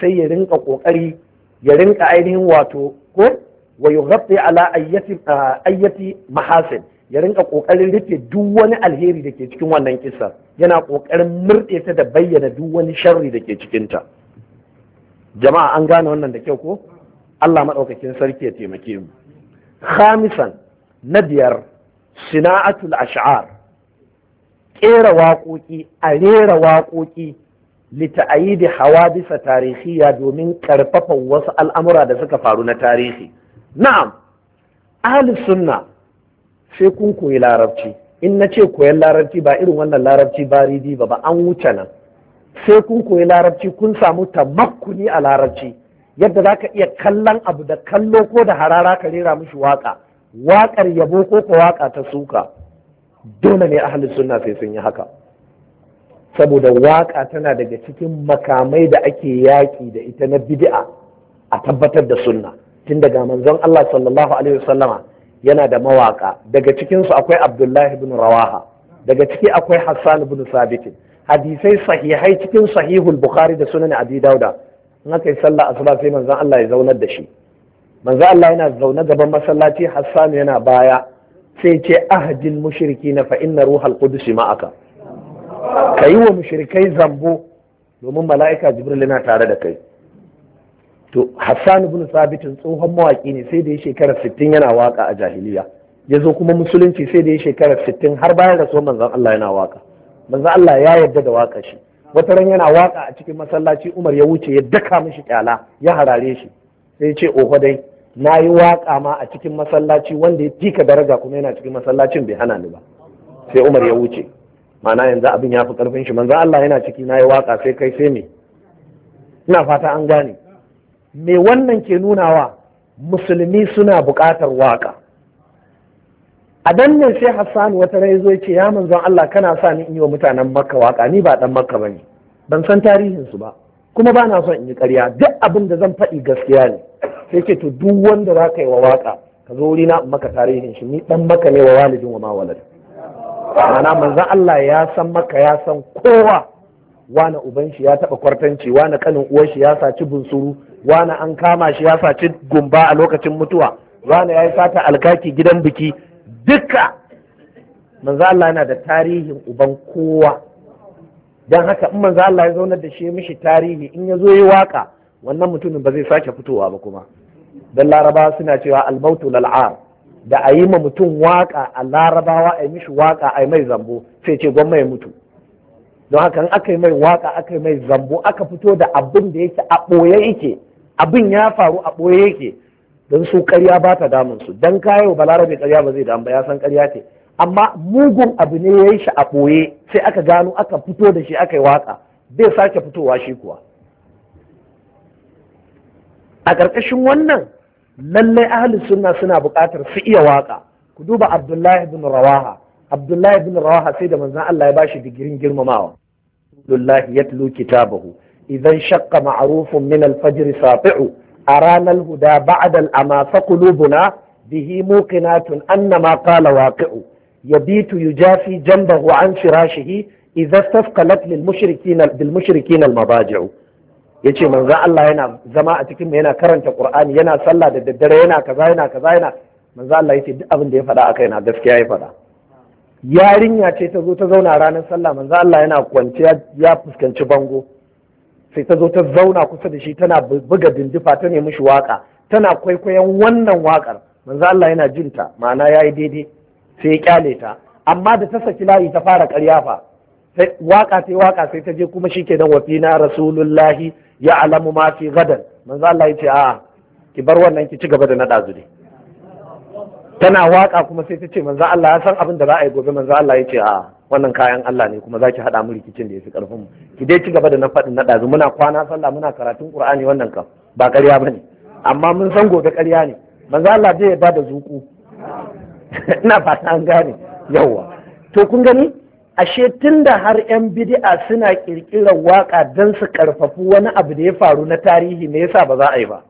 sai ya rinka kokari ya rinka ainihin wato ko wai yughatti ala ayyati ayyati mahasin ya rinka kokarin rufe duk wani alheri da ke cikin wannan kisar. yana ƙoƙarin murɗe ta da bayyana duk wani sharri da ke cikinta jama'a an gane wannan da kyau ko Allah maɗaukakin sarki ya taimake mu khamisan na biyar sina'atul ash'ar ƙera waƙoƙi a rera waƙoƙi lita'ayi da hawadisa tarihiya domin ƙarfafa wasu al'amura da suka faru na tarihi na'am ahli sunna sai kun koyi larabci in na ce koyan larabci ba irin wannan larabci ba ridi ba ba an wuce nan sai kun koyi larabci kun samu tamakkuni a larabci yadda za ka iya kallon abu da kallo ko da harara ka rera mishi waka Waƙar yabo ko ka waka ta suka dole ne ahalin sunna sai sun yi haka saboda waka tana daga cikin makamai da ake yaƙi da ita na bid'a a tabbatar da sunna tun daga manzon Allah sallallahu alaihi wasallama yana da mawaka daga cikinsu akwai abdullahi bin rawaha daga ciki akwai hassan bin Sabitin. hadisai sahihai cikin sahihul bukhari da sunan abi dauda in aka yi sallah asuba sai manzon Allah ya zaunar da shi manzon Allah yana zaune gaban masallaci hassan yana baya sai ce ahdil mushrikina fa inna ruhal qudus ma'aka kayi wa mushrikai zambo domin mala'ika jibril yana tare da kai to Hassan ibn Sabitin tsohon mawaki ne sai da ya shekara 60 yana waka a jahiliya ya zo kuma musulunci sai da ya shekara 60 har bayan rasuwar manzon Allah yana waka manzon Allah ya yarda da waka shi wata ran yana waka a cikin masallaci Umar ya wuce ya daka mishi kyala ya harare shi sai ya ce oho dai na yi waka ma a cikin masallaci wanda ya tika daraja kuma yana cikin masallacin bai hana ni ba sai Umar ya wuce ma'ana yanzu abin ya fi karfin shi manzon Allah yana ciki na yi waka sai kai sai me ina fata an gane me wannan ke nunawa musulmi suna buƙatar waƙa a dan sai hassan wata rai zo ce ya manzon Allah kana sa ni in yi wa mutanen makka waƙa ni ba dan makka bane ban san tarihinsu ba kuma ba na son in yi ƙarya duk abin da zan faɗi gaskiya ne sai ce to duk wanda za ka yi wa waƙa ka zo wuri na maka tarihin shi ni dan maka ne wa walidin wa ma mana manzon Allah ya san maka ya san kowa wani uban shi ya taɓa kwartanci wani kanin uwar shi ya saci bunsuru wani an kama shi ya saci gumba a lokacin mutuwa wani ya yi sata alkaki gidan biki duka manzo Allah yana da tarihin uban kowa dan haka in manzo Allah ya zaunar da shi mishi tarihi in ya zo yi waka wannan mutumin ba zai sake fitowa ba kuma dan laraba suna cewa al-mautu lal'ar da a yi ma mutum waka a larabawa a yi mishi waka a yi mai zambo sai ce gwamma ya mutu don haka aka yi mai waka aka yi mai zambo aka fito da abin da yake a ɓoye yake abin ya faru a ɓoye yake don su karya ba ta damun su dan kayo balarabe karya ba zai damu ba ya san karya ce amma mugun abu ne ya yi shi a ɓoye sai aka gano aka fito da shi aka yi waka bai sake fitowa shi kuwa a ƙarƙashin wannan lallai ahalin sunna suna buƙatar su iya waƙa ku duba abdullahi bin rawaha abdullahi bin rawaha sai da manzan Allah ya bashi digirin girmamawa abdullahi ya tulu kitabahu idan shakka ma'arufin min alfajiri safi'u a ranar huda ba'adal a masa kulubuna bihi muqinatun anna ma qala waqi'u yabitu yujafi jambahu an firashihi idza stafqalat lil mushrikin bil mushrikin al mabaji'u yace manzon Allah yana zama a cikin yana karanta Qur'ani yana sallah da daddare yana kaza yana kaza yana manzon Allah yace duk abin da ya faɗa akai na gaskiya ya faɗa yarinya ce ta zo ta zauna ranar sallah manzo Allah yana kwanciya ya fuskanci bango sai ta zo ta zauna kusa da shi tana buga dindifa ta nemi shi waka tana kwaikwayon wannan wakar manzo Allah yana jin ta ma'ana yayi daidai sai ya kyale ta amma da ta saki layi ta fara ƙarya fa sai waka sai waka sai ta je kuma shikenan wa rasulullahi ya alamu ma fi gadan manzo Allah ya ce a'a ki bar wannan ki ci gaba da nada zuri tana waka kuma sai ta ce manzo Allah ya san abin da za a yi gobe manzo Allah ya ce a wannan kayan Allah ne kuma zaki hada mu rikicin da yafi karfin mu ki dai ci gaba da na faɗin na ɗazu muna kwana sallah muna karatun ƙurani wannan kam ba ƙarya ne. amma mun san gobe ƙarya ne manzo Allah zai ba da zuku ina fata an gane yawa to kun gani ashe tunda har yan bid'a suna ƙirƙirar waƙa dan su karfafu wani abu da ya faru na tarihi me yasa ba za a yi ba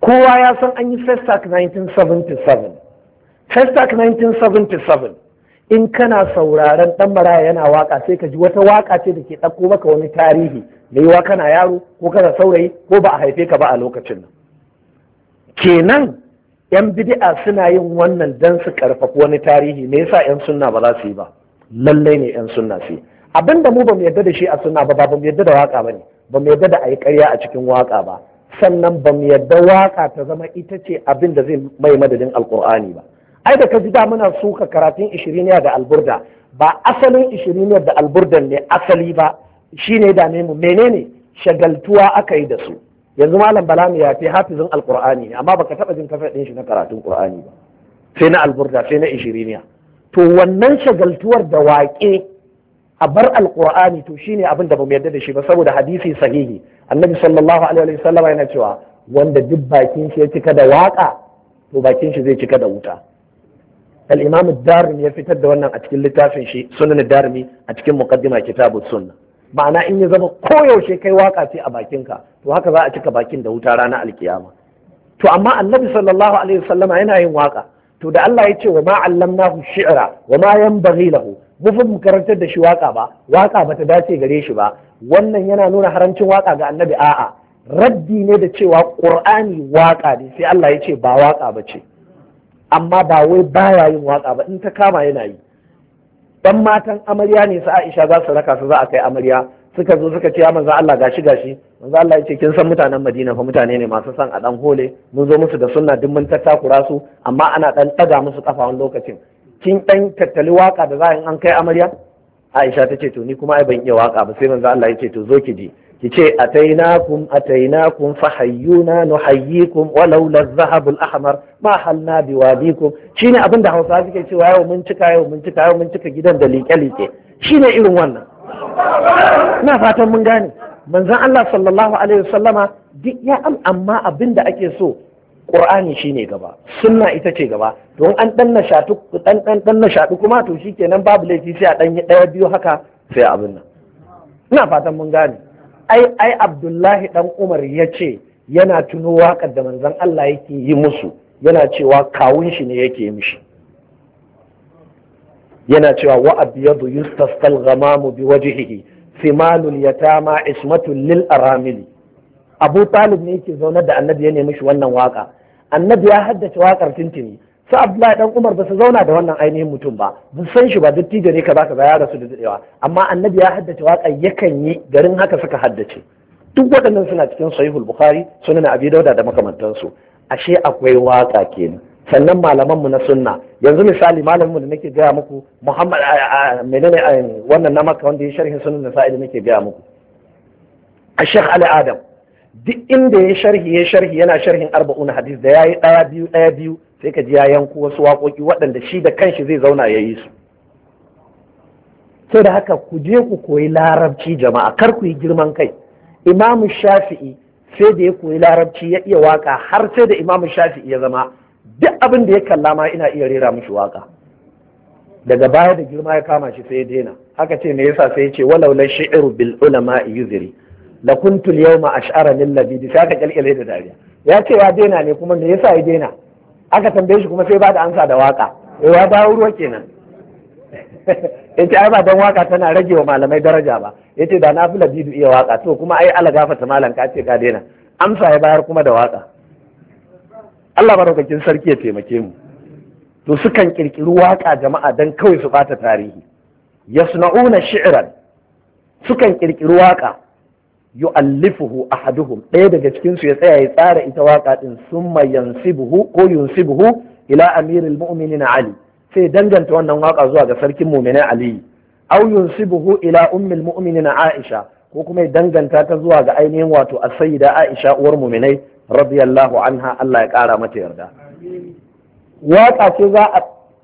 kowa ya san an yi Festac 1977 Festac 1977 in kana sauraron ɗan maraya yana waka sai ka ji wata waka ce da ke ɗauko maka wani tarihi da yiwa kana yaro ko kana saurayi ko ba a haife ka ba a lokacin nan kenan yan bid'a suna yin wannan dan su karfafi wani tarihi me yasa yan sunna ba za su yi ba lallai ne yan sunna su abinda mu bamu yarda da shi a sunna ba ba mu yarda da waka ne. ba mu yarda da ayi ƙarya a cikin waka ba sannan ba mu yarda waka ta zama ita ce abin da zai mai madadin alkur'ani ba ai da ka ji da muna suka karatun ishiriniya da alburda ba asalin ishiriniyar da alburdan ne asali ba shine da mu menene shagaltuwa aka yi da su yanzu malam balami ya fi hafizin alkur'ani ne amma baka taba jin kafa ɗin shi na karatun qur'ani ba sai na alburda sai na ishiriniya to wannan shagaltuwar da waƙe a bar alkur'ani to shine abin da bamu yarda da shi ba saboda hadisi sahihi annabi sallallahu alaihi wasallam yana cewa wanda duk bakin shi ya cika da waka to bakin shi zai cika da wuta al-imam ad ya fitar da wannan a cikin littafin shi sunan ad a cikin muqaddima kitabu sunna ma'ana in ya zama koyaushe kai waka ce a bakinka to haka za a cika bakin da wuta rana alkiyama to amma annabi sallallahu alaihi wasallama yana yin waka to da Allah ya ce wa ma allamnahu shi'ra wa ma yanbaghi lahu mu mu karantar da shi waka ba waka bata dace gare shi ba wannan yana nuna haramcin waka ga annabi a'a raddi ne da cewa qur'ani waka ne sai Allah ya ce ba waka bace amma ba wai baya yin waka ba in ta kama yana yi dan matan amarya ne su Aisha za su raka su za a kai amarya suka zo suka ce ya manzo Allah gashi gashi manzo Allah yace kin san mutanen Madina fa mutane ne masu san a dan hole mun zo musu da sunna duk mun tattakura su amma ana dan daga musu kafa wani lokacin kin dan tattali waka da za in an kai amarya Aisha ta ce to ni kuma ai ban iya waka ba sai manzo Allah yace to zo ki je yace atainakum atainakum fahayyuna nuhayyikum walau al-ahmar ma halna biwadikum shine abin da Hausa suke cewa yau mun cika yau mun cika yau mun cika gidan da like like shine irin wannan ina fatan mun gane manzon Allah sallallahu alaihi wasallama duk ya am amma abin da ake so Qur'ani shine gaba sunna ita ce gaba don an dan dan dan dan kuma to shikenan babu laifi sai a dan daya biyu haka sai abin nan ina fatan mun gane ai ai abdullahi dan umar ya ce yana tuno waƙar da manzan Allah yake yi musu yana cewa kawun shi ne yake mishi yana cewa wa abyadu yustasqal ghamamu biwajhihi simanul yatama ismatul lil aramili abu talib ne yake zaune da annabi ya nemi shi wannan waka annabi ya haddace wakar tintini Ka abdullahi dan umar ba su zauna da wannan ainihin mutum ba ba san shi ba dattijo ne kaza kaza ya rasu da dadewa amma annabi ya haddace waka yakan yi garin haka suka haddace duk waɗannan suna cikin sahihul bukhari sunan abi dauda da makamantansu ashe akwai waka kenan sannan malaman mu na sunna yanzu misali malamin mu da nake gaya muku muhammad menene wannan na maka wanda ya sharhin sunan nasa'i da nake gaya muku a ali adam duk inda ya sharhi ya sharhi yana sharhin arba'un hadis da yayi daya biyu daya biyu sai ka ji ya yanku wasu waƙoƙi waɗanda shi da kanshi zai zauna ya yi su sai da haka ku je ku koyi larabci jama'a kar ku yi girman kai imamu shafi'i sai da ya koyi larabci ya iya waka har sai da imamu shafi'i ya zama duk abin da ya kalla ma ina iya rera mishi waka daga baya da girma ya kama shi sai ya daina haka ce me yasa sai ya ce walau la shi'ru bil ulama yuzri la kuntu al yawma ash'ara lil labid sai aka kalkale da dariya ya ce ya daina ne kuma me yasa ya daina aka tambaye shi kuma sai ba da ansa da waka eh, ya dawo ruwa kenan ce ai ba dan waka tana rage wa malamai daraja ba Ya ce da na fi labidu iya waka to kuma ai ala gafata malam ka ce ka daina amsa ya bayar kuma da waka Allah maraukakin sarki ya taimake mu to sukan kirkiri waka jama'a dan kawai su bata tarihi yasna'una shi'ran sukan kirkiri waka yu'allifuhu ahaduhum ɗaya daga cikin su ya tsaya ya tsara ita waka din summa yansibuhu ko yunsibuhu ila amirul mu'minin ali sai danganta wannan waka zuwa ga sarkin mu'minin ali aw yunsibuhu ila ummil mu'minin aisha ko kuma ya danganta ta zuwa ga ainihin wato as-sayyida aisha uwar mu'minai radiyallahu anha Allah ya kara mata yarda waka ce za a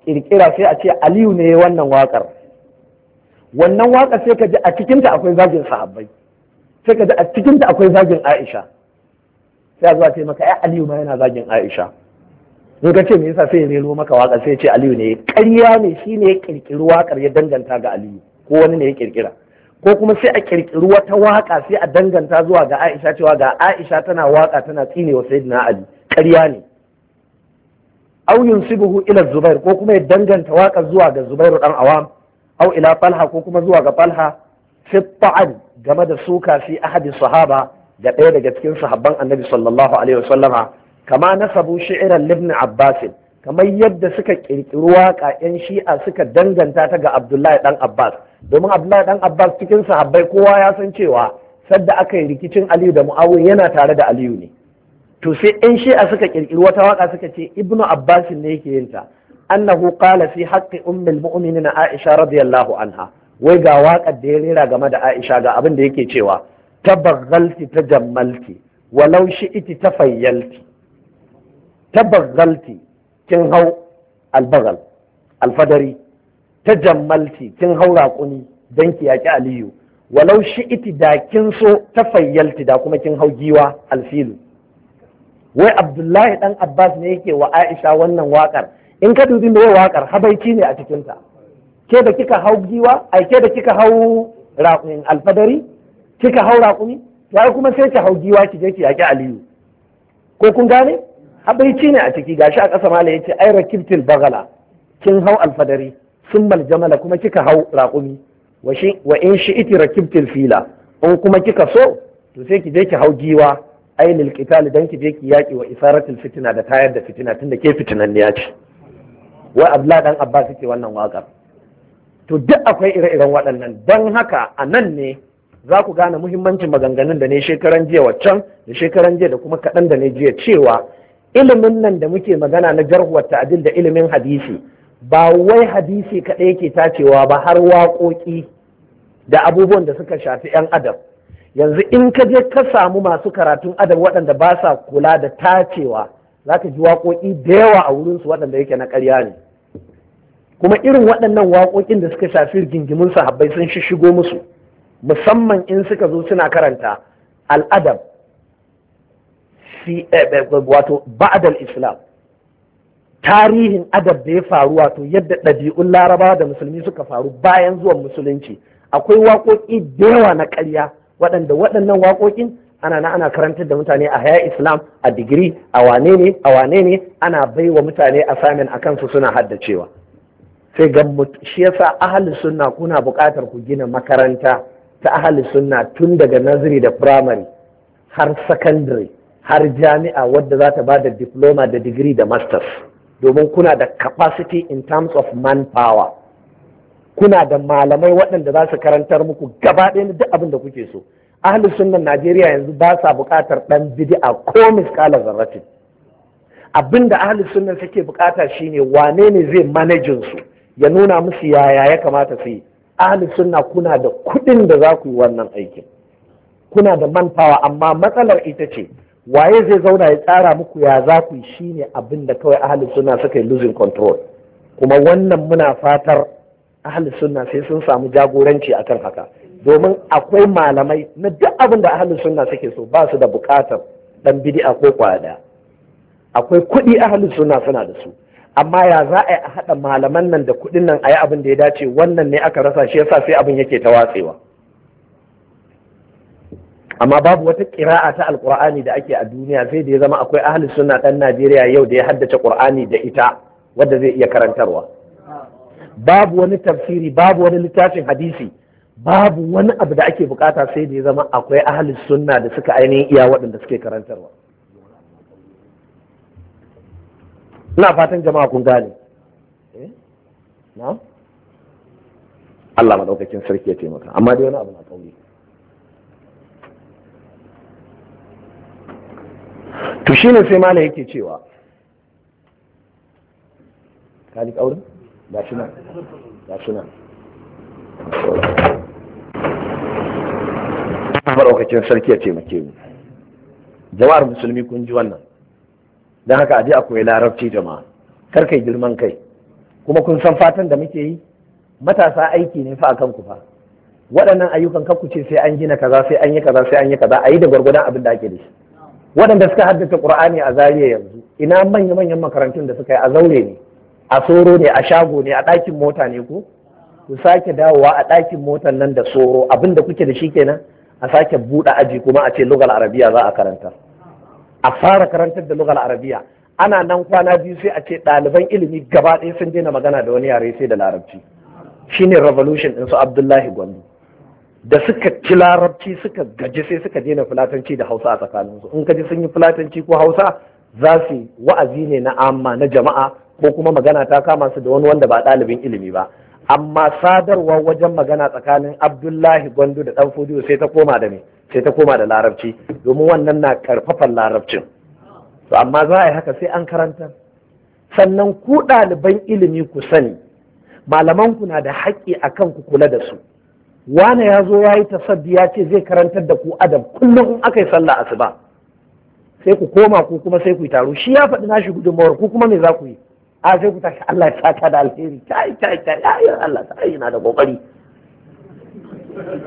kirkira sai a ce aliyu ne wannan wakar wannan waka sai ka ji a cikinta akwai zagin sahabbai sai ka a cikin ta akwai zagin Aisha sai zuwa ce maka ai Aliyu ma yana zagin Aisha in ka ce me yasa sai ya rero maka waka sai ya ce Aliyu ne ƙarya ne shine ya kirkiri wakar ya danganta ga Aliyu ko wani ne ya kirkira ko kuma sai a kirkiri wata waka sai a danganta zuwa ga Aisha cewa ga Aisha tana waka tana tsine wa Sayyidina Ali ƙarya ne su yunsibuhu ila Zubair ko kuma ya danganta waka zuwa ga Zubair dan Awam au ila Falha ko kuma zuwa ga Falha fi game da suka fi ahadi sahaba ga ɗaya daga cikin sahabban annabi sallallahu alaihi wasallama kama nasabu shi'iran libni abbasin kamar yadda suka kirkiri waka yan shi'a suka danganta ta ga abdullahi dan abbas domin abdullahi dan abbas cikin sahabbai kowa ya san cewa sadda aka yi rikicin aliyu da muawiya yana tare da aliyu ne to sai yan shi'a suka kirkiri wata waka suka ce ibnu abbasin ne yake yin ta annahu qala fi haqqi ummul mu'minin aisha radiyallahu anha wai ga waƙar da ya rera game da Aisha ga abin da yake cewa ta jammalti walau shi iti ta ta tabaghalti kin hau albagal alfadari jammalti kin hau raƙuni don ki yaƙi aliyu walau iti da kin so ta fayyalti da kuma kin hau giwa alfilu wai abdullahi ɗan abbas ne yake wa aisha wannan waƙar in ka dubi mai waƙar habaici ne a cikinta ke da kika hau giwa ai ke da kika hau raƙumin alfadari kika hau raƙumi ya kuma sai ki hau giwa ki je ki yaƙi aliyu ko kun gane abinci ne a ciki gashi a ƙasa mala yace ai rakibtil bagala kin hau alfadari sun jamala kuma kika hau raƙumi wa in shi iti rakibtil fila in kuma kika so to sai ki je ki hau giwa ainil qital dan ki je ki yaƙi wa isaratul fitina da tayar da fitina tunda ke fitinanniya ce wai abla dan abbas yake wannan waƙar to duk akwai ire-iren waɗannan don haka a nan ne za ku gane muhimmancin maganganun da ne shekaran jiya waccan da shekaran jiya da kuma kaɗan da ne jiya cewa ilimin nan da muke magana na jarhuwar ta'adil da ilimin hadisi ba wai hadisi kaɗai yake tacewa ba har waƙoƙi da abubuwan da suka shafi 'yan adam yanzu in ka je ka samu masu karatun adam waɗanda ba sa kula da tacewa za ka ji waƙoƙi da yawa a wurinsu waɗanda yake na ƙarya ne kuma irin waɗannan waƙoƙin da suka shafi gingimin sahabbai sun shishigo musu musamman in suka zo suna karanta al'adab eh, eh, wato ba'adal islam tarihin adab da ya faru wato yadda ɗabi'un Laraba da musulmi suka faru bayan zuwan musulunci akwai waƙoƙi da yawa na ƙarya waɗanda waɗannan waƙoƙin ana na ana karantar da mutane a haya islam a digiri a wane ne a wane ne ana baiwa mutane a samin a kansu suna haddacewa sai ga shi yasa ahli sunna kuna buƙatar ku gina makaranta ta ahli sunna tun daga naziri da primary har secondary har jami'a wadda za ta ba da diploma da digiri da masters domin kuna da capacity in terms of manpower kuna da malamai waɗanda za su karantar muku gaba ɗaya duk abin da kuke so ahli sunnan najeriya yanzu ba sa buƙatar ɗan bidi'a ko miskala zarratin abin da ahli sunna suke buƙata shine wane ne zai manajin su ya nuna musu yaya ya kamata su yi ahli sunna kuna da kuɗin da za ku yi wannan aikin kuna da manfawa amma matsalar ita ce waye zai zauna ya tsara muku ya za ku yi shine abin da kawai ahli sunna suka yi losing control kuma wannan muna fatar ahli sunna sai sun samu jagoranci akan haka domin akwai malamai na duk abin da ahli sunna suke so ba su da bukatar dan bidi'a ko kwada akwai kuɗi ahli sunna suna da su amma ya za a haɗa malaman nan da kuɗin nan a yi abin da ya dace wannan ne aka rasa shi yasa sai abin yake ta watsewa amma babu wata ƙira'a ta alƙur'ani da ake a duniya sai da ya zama akwai ahli suna ɗan najeriya yau da ya haddace ƙur'ani da ita wadda zai iya karantarwa babu wani tafsiri babu wani littafin hadisi babu wani abu da ake bukata sai da ya zama akwai ahli sunna da suka ainihin iya waɗanda suke karantarwa ina fatan jama'a kun gane eh? Allah maɗaukakin sarki ya taimaka amma dai wani abu na kauri to shi sai malam yake cewa ka ji kaurin ga shi nan ga shi nan maɗaukakin sarki ya taimake mu jama'ar musulmi kun ji wannan don haka aje a koyi larabci jama'a kar kai girman kai kuma kun san fatan da muke yi matasa aiki ne fa a ku fa waɗannan ayyukan kakku ce sai an gina kaza sai an yi kaza sai an yi kaza a yi da gwargwadon abin da ake da shi waɗanda suka haddace qur'ani a zariya yanzu ina manya manyan makarantun da suka yi a zaure ne a soro ne a shago ne a ɗakin mota ne ko ku sake dawowa a ɗakin motar nan da soro abin da kuke da shi kenan a sake buɗe aji kuma a ce lugal arabiya za a karanta a fara karantar da lugar arabiya ana nan kwana biyu sai a ce ɗaliban ilimi gaba ɗaya sun daina magana da wani yare sai da larabci shine revolution su abdullahi gwandu da suka ci larabci suka gaji sai suka daina fulatanci da hausa a tsakaninsu in ka ji sun yi fulatanci ko hausa za su wa'azi ne na amma na jama'a ko kuma magana ta kama su da wani wanda ba ɗalibin ilimi ba amma sadarwa wajen magana tsakanin abdullahi gwandu da ɗan fudiyo sai ta koma da me sai ta koma da larabci domin wannan na karfafan larabcin to amma za a yi haka sai an karanta sannan ku ɗaliban ilimi ku sani malamanku na da haƙƙi a kan ku kula da su wane ya zo ya yi tasaddi ya ce zai karantar da ku adam kullum in aka yi sallah asuba sai ku koma ku kuma sai ku yi taro shi ya faɗi nashi gudunmawar ku kuma me za ku yi a sai ku tashi Allah ya saka da alheri kai kai kai ayyar Allah ta na da kokari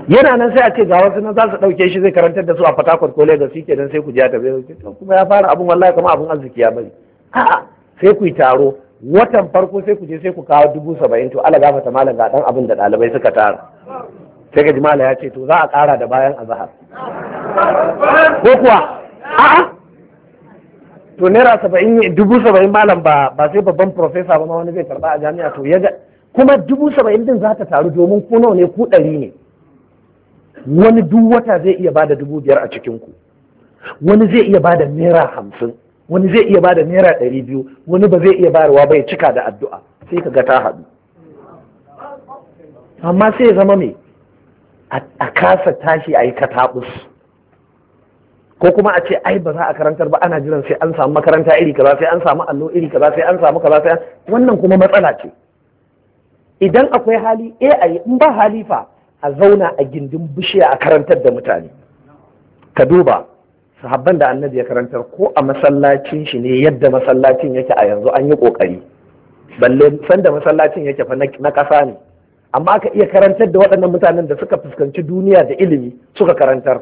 yana nan sai a ce ga wasu nan za su ɗauke shi zai karantar da su a fatakwar ko lagos shi nan sai ku ji ta bai kuma ya fara abin wallahi kamar abun arziki ya bari a'a sai ku yi taro watan farko sai ku je sai ku kawo dubu saba'in to ala gafata malam ga dan abin da ɗalibai suka tara sai ka ji malam ya ce to za a ƙara da bayan zahar. ko kuwa a'a to naira saba'in dubu saba'in malam ba ba sai babban profesa ba ma wani zai karba a jami'a to ya kuma dubu saba'in din za ta taru domin ku nawa ne ku ɗari ne wani duk wata zai iya bada dubu biyar a cikin ku wani zai iya bada naira hamsin wani zai iya bada naira ɗari biyu wani ba zai iya bayarwa ba ya cika da addu'a sai ka ga ta haɗu amma sai ya zama mai a kasa tashi a yi kataɓus ko kuma a ce ai ba za a karantar ba ana jiran sai an samu makaranta iri kaza sai an samu allo iri kaza sai an samu kaza sai wannan kuma matsala ce idan akwai hali eh ayi in ba halifa a zauna a gindin bishiya a karantar da mutane ka duba sahabban da annabi ya karantar ko a masallacin shi ne yadda masallacin yake a yanzu an yi kokari balle sanda masallacin yake fa na kasa ne amma aka iya karantar da waɗannan mutanen da suka fuskanci duniya da ilimi suka karantar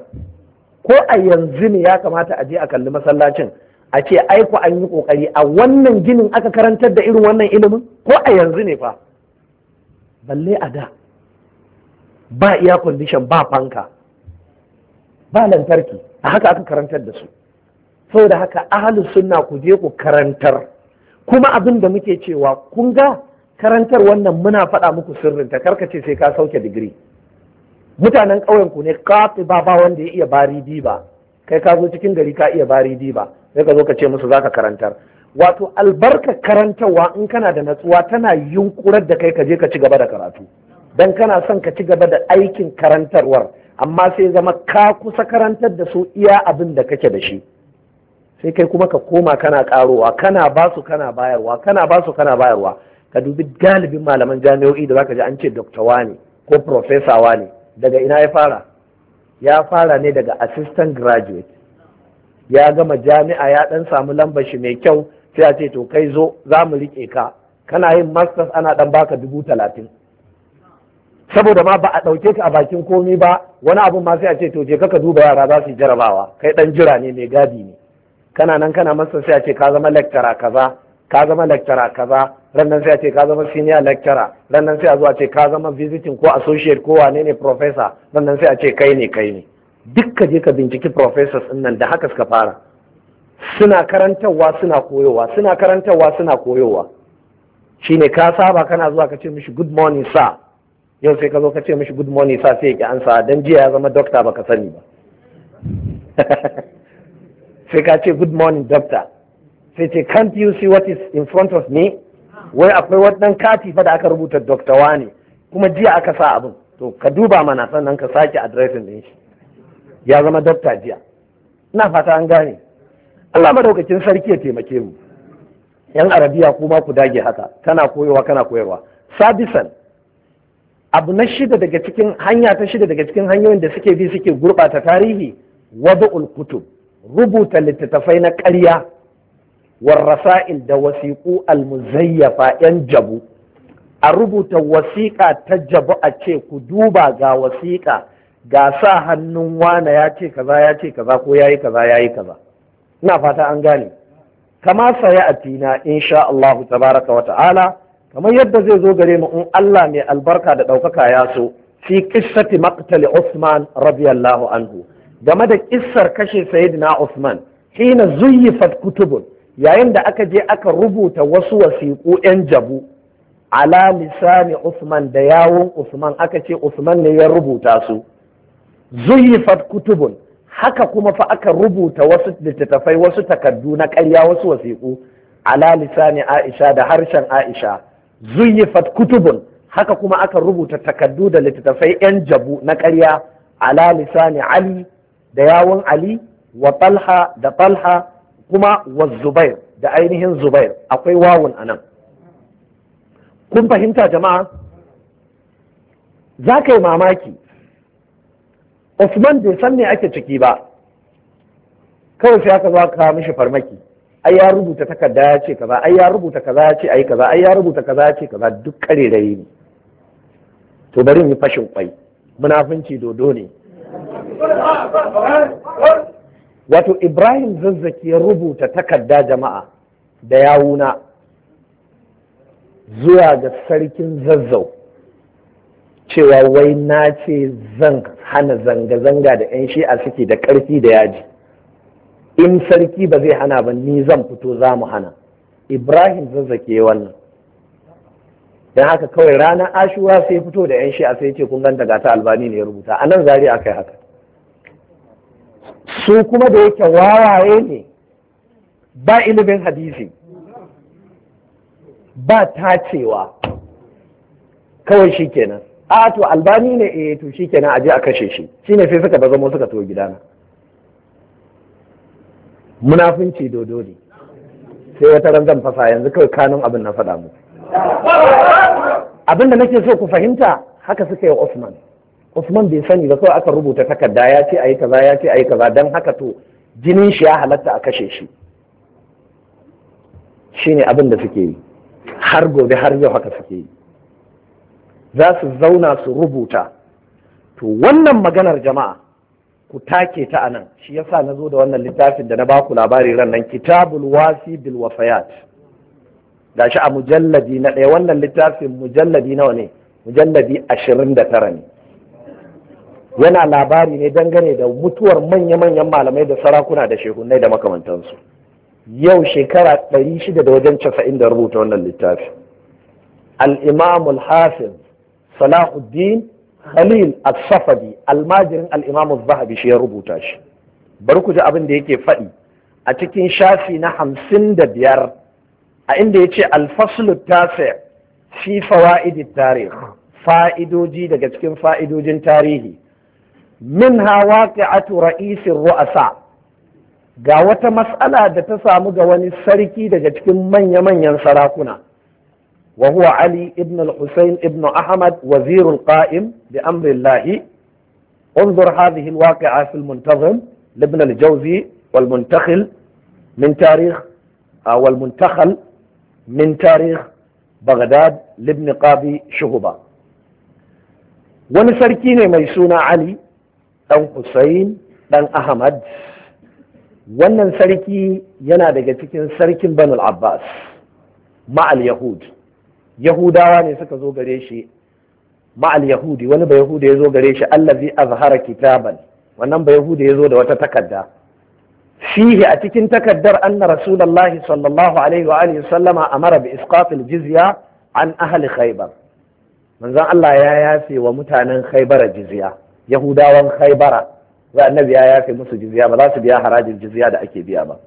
ko a yanzu ne ya kamata a je a kalli masallacin a ce aiko an yi kokari a wannan ginin aka karantar da irin wannan ilimin ko a yanzu ne fa balle a da ba iya condition ba fanka ba lantarki a haka aka karantar da su saboda haka ahalus sunna ku je ku karantar kuma abin da muke cewa kun ga karantar wannan muna faɗa muku sirrin ta karkace sai ka sauke digiri mutanen ƙauyen ku ne kafi ba ba wanda ya iya bari diba kai ka zo cikin gari ka iya bari diba sai ka zo ka ce musu zaka karantar wato albarka karantarwa in kana da natsuwa tana yunkurar da kai ka je ka ci gaba da karatu dan kana son ka ci gaba da aikin karantarwar amma sai zama ka kusa karantar da su iya abin da kake da shi sai kai kuma ka koma kana karowa kana ba su kana bayarwa kana ba su kana bayarwa ka dubi galibin malaman jami'o'i da zaka ji an ce dokta wani ko profesa wani daga ina ya fara ya fara ne daga assistant graduate ya gama jami'a ya ɗan samu lambar shi mai kyau sai a ce to kai zo za mu riƙe ka kana yin masters ana dan baka dubu talatin saboda ma ba a ɗauke ka a bakin komi ba wani abun ma sai a ce to je ka duba yara za su jarabawa kai ɗan jira ne mai gadi ne kana nan kana masa sai a ce ka zama lecturer kaza ka zama lecturer kaza rannan sai a ce ka zama senior lecturer rannan sai a zo a ce ka zama visiting ko associate ko wane ne professor rannan sai a ce kai ne kai ne duk ka je ka binciki professors din nan da haka suka fara suna karantarwa suna koyowa suna karantarwa suna koyowa shine ka saba kana zuwa ka ce mishi good morning sir yau sai ka zo ka ce mishi good morning sa sai ki ansa dan jiya ya zama doctor baka sani ba sai ka ce good morning doctor sai ce can't you see what is in front of me wai akwai wannan kati fa da aka rubuta doctor wani kuma jiya aka sa abin to ka duba mana sannan ka sake addressing din shi ya zama doctor jiya ina fata an gane Allah madaukakin sarki ya taimake mu yan arabiya kuma ku dage haka kana koyowa kana koyarwa sabisan abu na shida daga cikin hanya ta shida daga cikin hanyoyin da suke bi suke gurɓata tarihi wadu kutub rubuta littattafai na ƙarya warrasa'il da wasiƙu almuzayyafa yan jabu a rubuta wasiƙa ta jabu a ce ku duba ga wasiƙa ga sa hannun wana ya ce kaza ya ce kaza ko yayi kaza yayi kaza ina fata an gane kama saya a tina insha Allah tabaraka wa ta'ala kamar yadda zai zo gare mu in Allah mai albarka da ɗaukaka ya so fi qissati maqtali Usman radiyallahu anhu game da kissar kashe sayyidina Usman hina zuyifat kutubun yayin da aka je aka rubuta wasu wasiƙu 'yan jabu ala lisani Usman da yawun Usman aka ce Usman ne ya rubuta su zuyyifat kutubun haka kuma fa aka rubuta wasu littattafai wasu takardu na ƙarya wasu wasiƙu ala lisani Aisha da harshen Aisha zuyifat kutubun haka kuma aka rubuta takaddu da littattafai yan jabu na ƙarya ala lisani ali da yawun ali wa talha da talha kuma wa zubair da ainihin zubair akwai wawun anan kun fahimta jama'a za ka yi mamaki Usman bai san me ake ciki ba kawai sai aka zo ka mishi farmaki ai ya rubuta takarda ya ce kaza ai ya rubuta kaza ya ce ai kaza ai ya rubuta kaza ya ce kaza duk da ne to bari mu fashin kwai munafunci dodo ne wato ibrahim zazzaki ya rubuta takarda jama'a da yawuna zuwa ga sarkin zazzau cewa wai na ce zan hana zanga-zanga da 'yan shi'a suke da ƙarfi da yaji in sarki ba zai hana ba ni zan fito za mu hana ibrahim zazzake wannan don haka kawai ranar ashura sai fito da 'yan shi'a sai ce kun ganta ga ta albani ne ya rubuta a nan zari aka yi haka su kuma da yake wawaye ne ba ilimin hadisi ba tacewa kawai shi kenan a to albani ne eh to shi kenan a je a kashe shi shine sai suka bazamo suka to gidana munafunci dodo ne sai wata ran zan fasa yanzu kawai kanun abin na faɗa mu abin da nake so ku fahimta haka suka yi Usman Usman bai sani ba kawai aka rubuta takarda ya ce ayi kaza ya ce ayi kaza dan haka to jinin shi ya halatta a kashe shi shine abin da suke yi har gobe har yau haka suke yi za su zauna su rubuta to wannan maganar jama'a ku take ta anan shi yasa na zo da wannan littafin da na ba ku labari ran nan kitabul wasi bil wafayat gashi a mujalladi na ɗaya wannan littafin mujalladi nawa ne mujalladi ashirin da ne yana labari ne dangane da mutuwar manya-manyan malamai da sarakuna da shehunai da makamantansu yau shekara ɗari shida da wajen casa'in da rubuta wannan littafi al-imam al salahuddin khalil as almajirin al-imam zahabi shi ya rubuta shi bari ku ji abin da yake faɗi a cikin shafi na hamsin da biyar a inda yace ce alfaslu tasi fi fa'idoji daga cikin fa'idojin tarihi min hawa atu ra'isin ru'asa ga wata matsala da ta samu ga wani sarki daga cikin manya-manyan sarakuna وهو علي ابن الحسين ابن أحمد وزير القائم بأمر الله انظر هذه الواقعة في المنتظم لابن الجوزي والمنتخل من تاريخ آه، والمنتخل من تاريخ بغداد لابن قاضي شهبة ونسركين ميسونا علي أو حسين بن أحمد wannan sarki yana daga cikin sarkin Banul Abbas ma'al Yahud yahudawa ne suka zo gare shi ma'al yahudi wani ba yahudi ya zo gare shi allazi azhara kitaban wannan ba yahudi ya zo da wata takarda fihi a cikin takaddar anna rasulullahi sallallahu alaihi wa alihi sallama amara bi isqatil jizya an ahli khaybar manzon Allah ya yafe wa mutanen khaybara jizya yahudawan khaybara za annabi ya yafe musu jizya ba za su biya harajin jizya da ake biya ba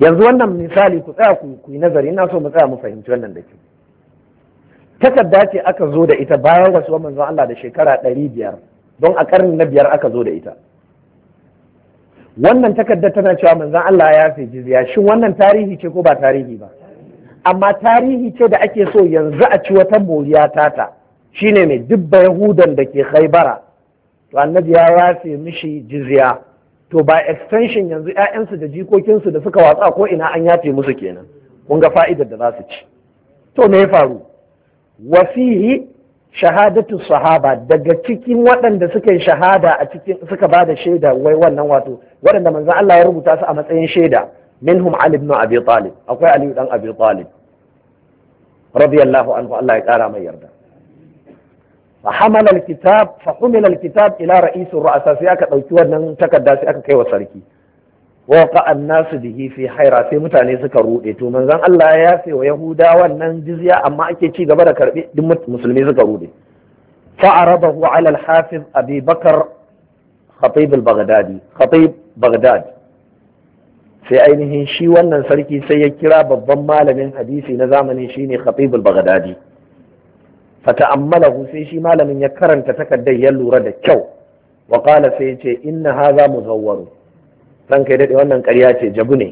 yanzu wannan misali ku tsaya ku yi nazari ina so mu tsaya mu fahimci wannan da ke takarda ce aka zo da ita bayan rasuwar manzon Allah da shekara ɗari biyar don a karni na biyar aka zo da ita wannan takarda tana cewa manzon Allah ya fi jizya shin wannan tarihi ce ko ba tarihi ba amma tarihi ce da ake so yanzu a ci wata moriya tata shine mai dubba yahudan da ke khaibara to annabi ya wace mishi jiziya. to ba extension yanzu 'ya'yansu da jikokinsu da suka watsa ko ina an yafe musu kenan kun ga fa'idar da za su ci to me ya faru wasihi shahadatu sahaba daga cikin waɗanda suka yi shahada a cikin suka ba da shaida wai wannan wato waɗanda manzo Allah ya rubuta su a matsayin shaida minhum Ali ibn Abi Talib akwai Ali dan Abi Talib radiyallahu anhu Allah ya kara mai yarda fa hamala alkitab fa humila alkitab ila ra'isir ru'asa sai aka ɗauki wannan takarda sai aka kai wa sarki wa qa'a nasu bihi fi haira sai mutane suka rude to manzon Allah ya yafe wa yahuda wannan jizya amma ake ci gaba da karbe duk musulmi suka rude fa arabahu ala alhafiz abi bakar sai ainihin shi wannan sarki sai ya kira babban malamin hadisi na zamani shine khatib al fata'ammalahu sai shi malamin ya karanta takardar ya lura da kyau wa qala sai ya ce inna hadha muzawwaru dan kai daɗe wannan ƙarya ce jabu ne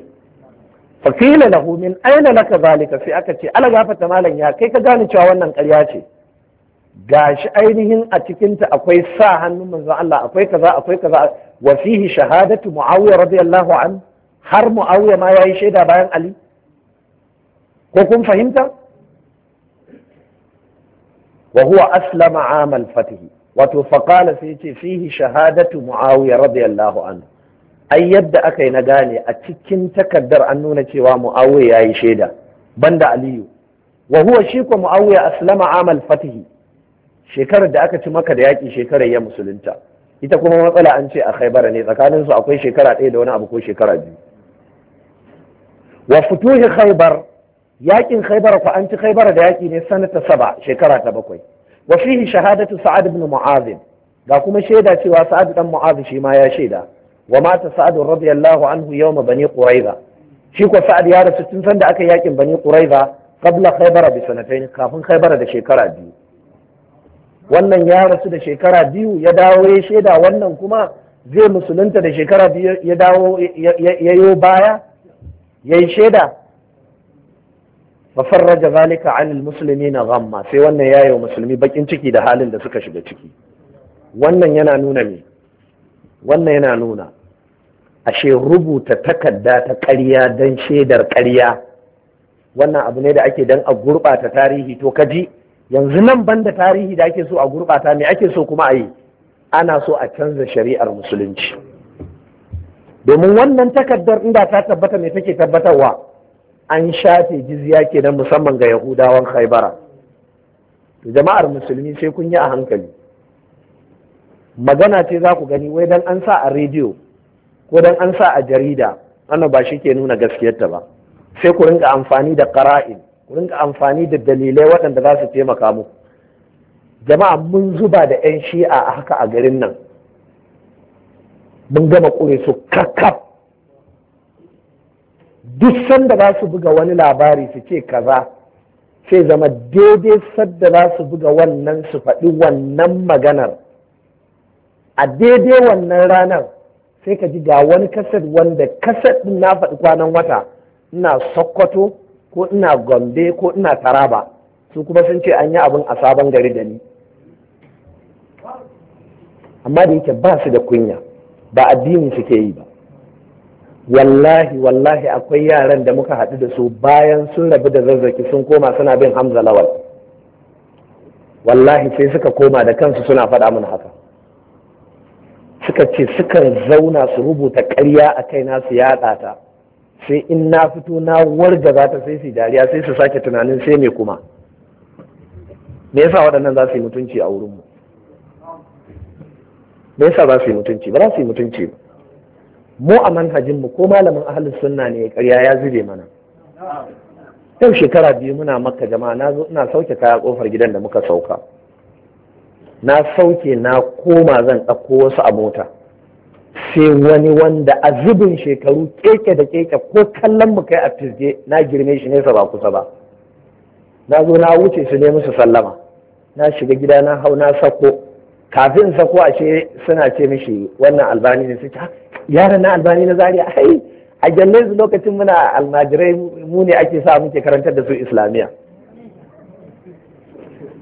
fa qila lahu min aina laka zalika sai aka ce ala gafata malam ya kai ka gane cewa wannan ƙarya ce gashi ainihin a cikinta akwai sa hannun manzon Allah akwai kaza akwai kaza wa shahadatu muawiya radiyallahu an har muawiya ma ya yi shaida bayan ali ko kun fahimta wa huwa aslama amal fatihi wato faqala sai ce fihi shahadatu muawiya radiyallahu anhu ai yadda aka yi na gane a cikin takaddar an nuna cewa muawiya yayi shaida banda aliyu wa huwa shi ko muawiya aslama amal fatihi shekarar da aka ci maka da yaƙi shekarar ya musulunta ita kuma matsala an ce a khaibar ne tsakaninsu akwai shekara ɗaya da wani abu ko shekara biyu wa futuhi khaibar yakin khaibar ku an ci khaybara da yaki ne sanata saba shekara ta bakwai wa fihi shahadatu sa'ad ibn mu'adh ga kuma shaida cewa sa'ad dan mu'adh shi ma ya shaida wa mata sa'ad radiyallahu anhu yawma bani quraiza shi ko sa'ad ya rasu tun sanda aka yakin bani quraiza qabla khaybara bi sanatayn kafin khaybara da shekara biyu wannan ya rasu da shekara biyu ya dawo ya shaida wannan kuma zai musulunta da shekara biyu ya dawo ya yo baya ya shaida wa farraja zalika anil na ghamma sai wannan yayo musulmi bakin ciki da halin da suka shiga ciki wannan yana nuna me wannan yana nuna ashe rubuta takarda ta ƙarya don shaidar ƙarya wannan abu ne da ake don a gurɓata tarihi to kaji yanzu nan banda tarihi da ake so a gurɓata me ake so kuma a yi ana so a canza shari'ar musulunci domin wannan takardar inda ta tabbata me take tabbatarwa an shafe jizya kenan musamman ga yahudawan khaibara jama'ar musulmi sai kun yi a hankali magana ce za ku gani wai dan an sa a rediyo ko dan an sa a jarida wannan ba shi ke nuna gaskiyarta ba sai ku rinka amfani da qara'in ku rinka amfani da dalilai waɗanda za su taimaka muku jama'a mun zuba da 'yan shi'a a haka a garin nan mun gama ƙure su kakkaf duk sanda za su buga wani labari su ce kaza sai zama daidai sadda za su buga wannan su faɗi wannan maganar a daidai wannan ranar sai ka ji ga wani kasar wanda kasar ɗin na faɗi kwanan wata ina sokoto ko ina gombe ko ina taraba su kuma sun ce an yi abin a sabon gari da ni amma da yake ba su da kunya ba addini suke yi ba wallahi wallahi akwai yaran da muka haɗu da su bayan sun rabu da zazzaki sun koma suna bin hamza lawal wallahi sai suka koma da kansu suna faɗa mana haka suka ce sukan zauna su rubuta ƙarya a kai nasu yaɗa ta sai in na fito na warga za ta sai su dariya sai su sake tunanin sai me kuma me yasa waɗannan za su yi mutunci a wurinmu me yasa za su yi mutunci ba za su yi mutunci ba mu a manhajinmu ko malamin ahalin sunna ne ya karya ya zube mana yau shekara biyu muna maka jama'a na zo ina sauke kaya kofar gidan da muka sauka na sauke na koma zan ɗauko wasu a mota sai wani wanda a zubin shekaru keke da keke ko kallon mu kai a fizge na girme shi nesa ba kusa ba na zo na wuce su ne musu sallama na shiga gida na hau na sako kafin sa sako ashe suna ce mishi wannan albani ne suke yaran na albani na zaria ai a jallai su lokacin muna almajirai mu ne ake sa muke karantar da su islamiyya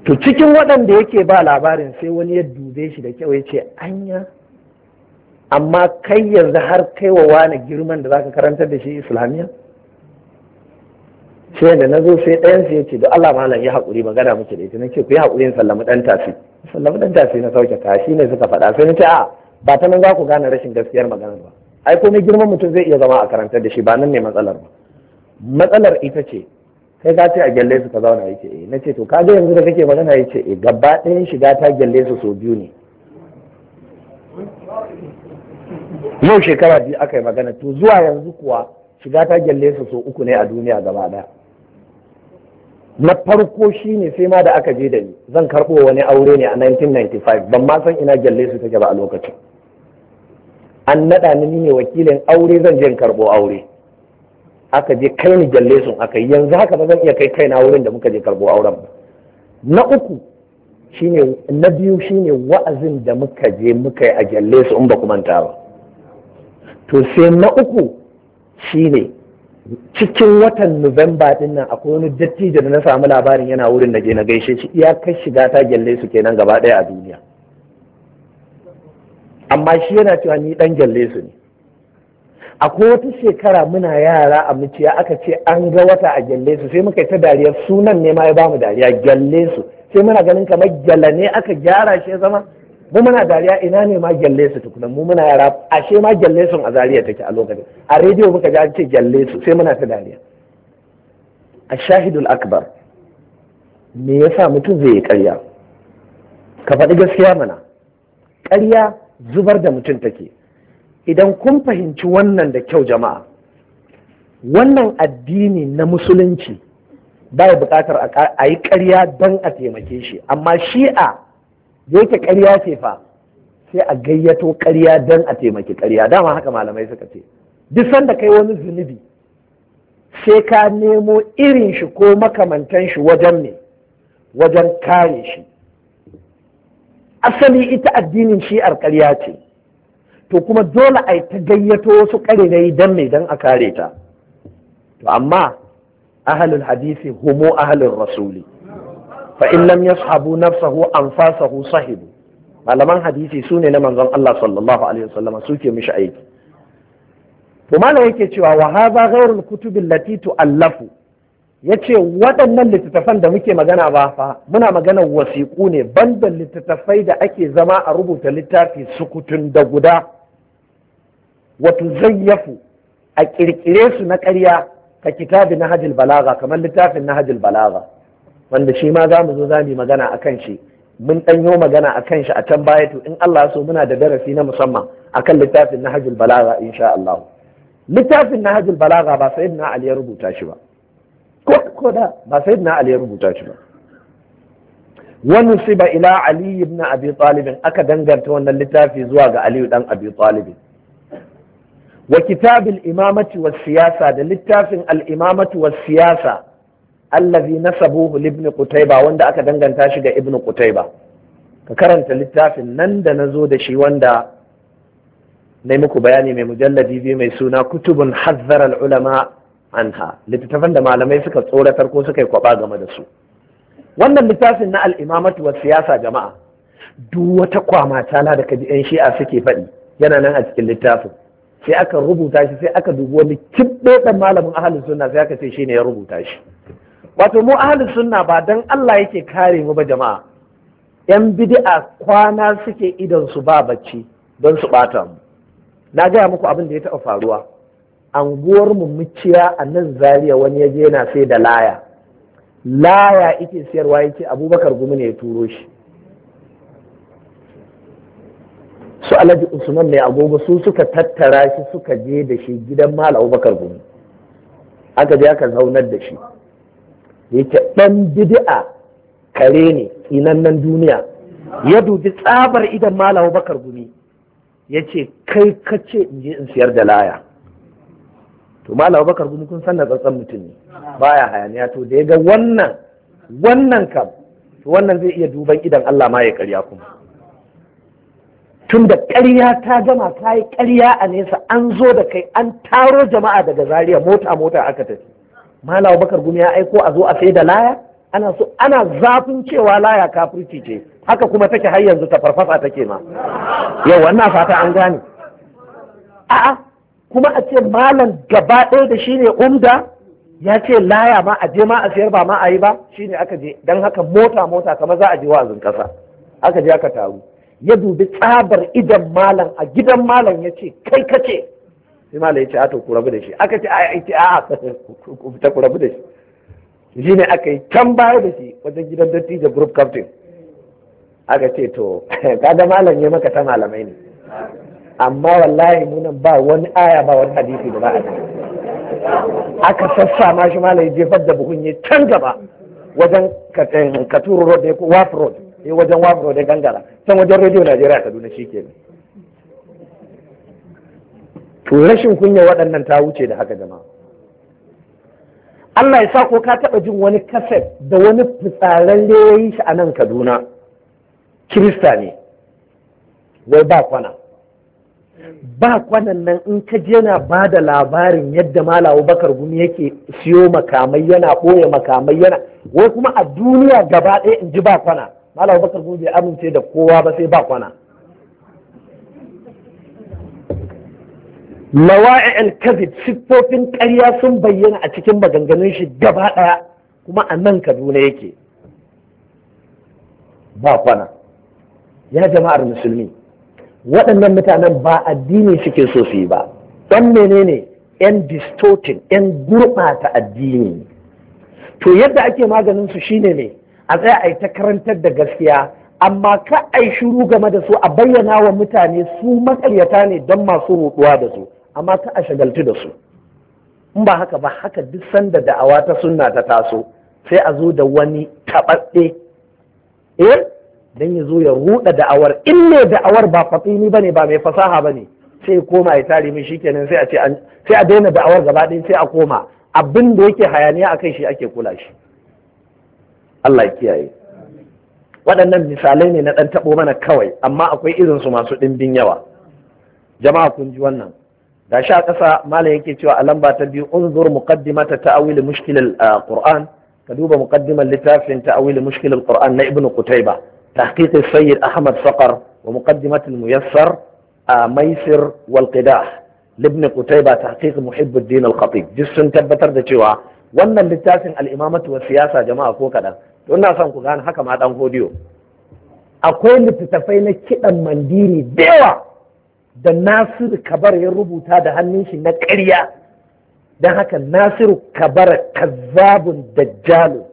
to cikin waɗanda yake ba labarin sai wani ya dube shi da kyau ya ce anya amma kai yanzu har kai wa wani girman da zaka karantar da shi islamiyya sai da na zo sai ɗayan su ya ce da Allah malam ya haƙuri magana muke da ita na ce ku yi haƙuri in sallamu ɗan tafi Sallamu ɗan tafi na sauke ka shi ne suka faɗa sai na ce a ba ta nan za ku gane rashin gaskiyar magana ba ai komai girman mutum zai iya zama a karantar da shi ba nan ne matsalar ba matsalar ita ce kai ka ce a gyalle su ka zauna yace eh na ce to ka ga yanzu da kake magana yake? eh gaba ɗayan shiga ta gyalle su so biyu ne yau shekara biyu aka yi magana to zuwa yanzu kuwa shiga ta gyalle su so uku ne a duniya gaba ɗaya na farko shi ne sai ma da aka je da ni zan karɓo wani aure ne a 1995 ban ma san ina gyalle su take ba a lokacin an naɗa ni ne wakilin aure zan je in karɓo aure aka je kai ni gyalle sun aka yi yanzu haka ba zan iya kai kaina wurin da muka je karɓo auren ba na uku shine na biyu shine wa'azin da muka je muka yi a gyalle su in ba ku manta ba to sai na uku shine cikin watan Nuwamba din nan akwai wani dattijo da na samu labarin yana wurin da je na gaishe shi iyakar shiga ta gyalle su kenan gaba ɗaya a duniya amma shi yana cewa ni dan gyalle su ne akwai wata shekara muna yara a muciya aka ce an ga wata a gyalle su sai muka yi ta dariya sunan ne ma ya bamu dariya gyalle su sai muna ganin kamar gyala ne aka gyara shi ya zama mu muna dariya ina ne ma gyalle su tukuna mu muna yara ashe ma gyalle sun a zariya take a lokacin a rediyo muka ji an ce gyalle su sai muna ta dariya a shahidul akbar me yasa mutum zai yi karya ka faɗi gaskiya mana karya zubar da mutum take idan kun fahimci wannan da kyau jama'a wannan addini na musulunci ba buƙatar a yi karya don a taimake shi amma shi'a yake ƙarya ce fa sai a gayyato ƙarya don a taimaki ƙarya dama haka malamai suka ce duk sanda kai wani zunubi sai ka nemo irin shi ko makamantan shi wajen ne wajen kare shi asali ita addinin shi'ar ƙarya ce to kuma dole a ta gayyato wasu ƙarirai don mai don a kare ta to amma ahalin hadisi homo ahalul rasuli fa in lam yashabu nafsahu anfasahu sahibu malaman hadisi su ne na manzon Allah sallallahu alaihi wasallam suke mishi aiki to malam yake cewa wa hadha ghairul kutub allati tu'allafu yace waɗannan littattafan da muke magana ba fa muna magana wasiƙu ne banda littattafai da ake zama a rubuta littafi sukutun da guda wato zayyafu a ƙirƙire su na ƙarya ka kitabi na hajjil balaga kamar littafin na hajjil balaga wanda shi ma za mu zo za mu magana a kan shi mun ɗanyo magana a kan shi a can baya to in Allah so muna da darasi na musamman a kan littafin na Nahjul Balagha insha Allah littafin na Nahjul balaga ba Sayyidina Ali ya rubuta shi ba ko ko da ba Sayyidina Ali ya rubuta shi ba wani siba ila Ali ibn Abi Talib aka danganta wannan littafi zuwa ga Ali dan Abi Talib wa kitabil imamati was siyasa da littafin al imamati was siyasa allazi nasabuhu li ibn qutayba wanda aka danganta shi ga ibn qutayba ka karanta littafin nan da na zo da shi wanda na muku bayani mai mujalladi biyu mai suna kutubun hazzar ulama anha littattafan da malamai suka tsoratar ko suka yi kwaba game da su wannan littafin na al'imamatu wa siyasa jama'a duk wata kwama tala da kaji yan shi'a suke faɗi yana nan a cikin littafin sai aka rubuta shi sai aka dubi wani kibbe malamin ahalin sunna sai aka ce shine ya rubuta shi wato mu ahalin sunna ba dan Allah yake kare mu ba jama'a yan bidi'a kwana suke idan su ba bacci don su bata mu na gaya muku abin da ya taɓa faruwa anguwar mu muciya a nan Zariya wani ya je yana sai da laya laya ike siyarwa yake abubakar gumi ne ya turo shi su alhaji usman ne agogo su suka tattara shi suka je da shi gidan mal abubakar gumi aka je aka zaunar da shi da yake ɗan bidi'a kare ne nan duniya ya dubi tsabar idan malawa bakar gumi ya ce kai kace in je in siyar da laya to malawa bakar gumi kun san da tsantsan mutum ne baya hayaniya to da ya ga wannan wannan kam to wannan zai iya duban idan Allah ma ya karya kuma tun da ƙarya ta gama ta yi ƙarya a nesa an zo da kai an taro jama'a daga zaria mota mota aka tafi malam bakar gumi ya aiko a zo a sai da laya ana so ana zafin cewa laya kafirci ce haka kuma take har yanzu ta farfasa take ma yau wannan fata an gane a'a kuma a ce malam gaba ɗaya da shine umda ya ce laya ma a je ma a sayar ba ma a yi ba shine aka je dan haka mota mota kamar za a je wa'azin kasa aka je aka taru ya dubi tsabar idan malam a gidan malam ya ce kai kace sai malai ya ce ato ku rabu da shi aka ce a ce a ku fita ku rabu da shi shi ne aka yi can baya da shi wajen gidan dattijo group captain aka ce to kada malam ya maka ta malamai ne amma wallahi munan ba wani aya ba wani hadisi da ba a aka sassa ma shi malai jefar da buhun ya can gaba wajen eh, katuru road ya waf road ya eh, wajen waf road ya gangara can wajen radio najeriya kaduna shi kenan to rashin kunya waɗannan ta wuce da haka jama'a Allah ya sa ko ka taɓa jin wani kaset da wani fitsararre ya yi shi a nan Kaduna Kirista ne wai ba kwana ba kwanan nan in ka je yana ba da labarin yadda malawo bakar gumi yake siyo makamai yana ɓoye makamai yana wai kuma a duniya gaba ɗaya in ji ba kwana malawo bakar gumi bai amince da kowa ba sai ba kwana lawa'i'il kazib siffofin ƙarya sun bayyana a cikin maganganun shi gaba ɗaya kuma a nan kaduna yake ba kwana ya jama'ar musulmi waɗannan mutanen ba addini suke so su yi ba ɗan menene yan distortin yan gurɓata addini to yadda ake maganin su shine ne a tsaya a yi ta karantar da gaskiya amma ka a shiru game da su a bayyana wa mutane su makaryata ne don masu ruɗuwa da su amma ta a shagaltu da su in ba haka ba haka duk sanda da'awa ta sunna ta taso sai a zo da wani taɓaɓɓe eh don ya zo ya ruɗa da'awar in ne da'awar ba fatini ni ba mai fasaha ba ne, sai koma ya tare mai shikenan sai a ce sai a daina da'awar gaba ɗaya sai a koma abin da yake hayaniya a kai shi ake kula shi Allah ya kiyaye waɗannan misalai ne na ɗan taɓo mana kawai amma akwai irinsu masu ɗimbin yawa jama'a kun ji wannan gashi a ƙasa malam yake cewa a lamba ta biyu unzur muqaddimata ta'awil mushkil al-Qur'an ah, ka duba muqaddimar littafin ta'awil mushkil al-Qur'an na Ibn Qutayba tahqiq sayyid Ahmad Saqar wa muqaddimat al-Muyassar ah, Maisir wal Qidah ibn Qutayba tahqiq Muhibb al-Khatib duk sun tabbatar da cewa wannan littafin al-imamatu wa siyasa jama'a ko kadan to ina son ku gane haka ma dan hodiyo akwai littattafai na kidan mandiri da yawa da nasiru kabar ya rubuta da hannun shi na ƙarya don haka nasiru kabar kazzabun dajjalu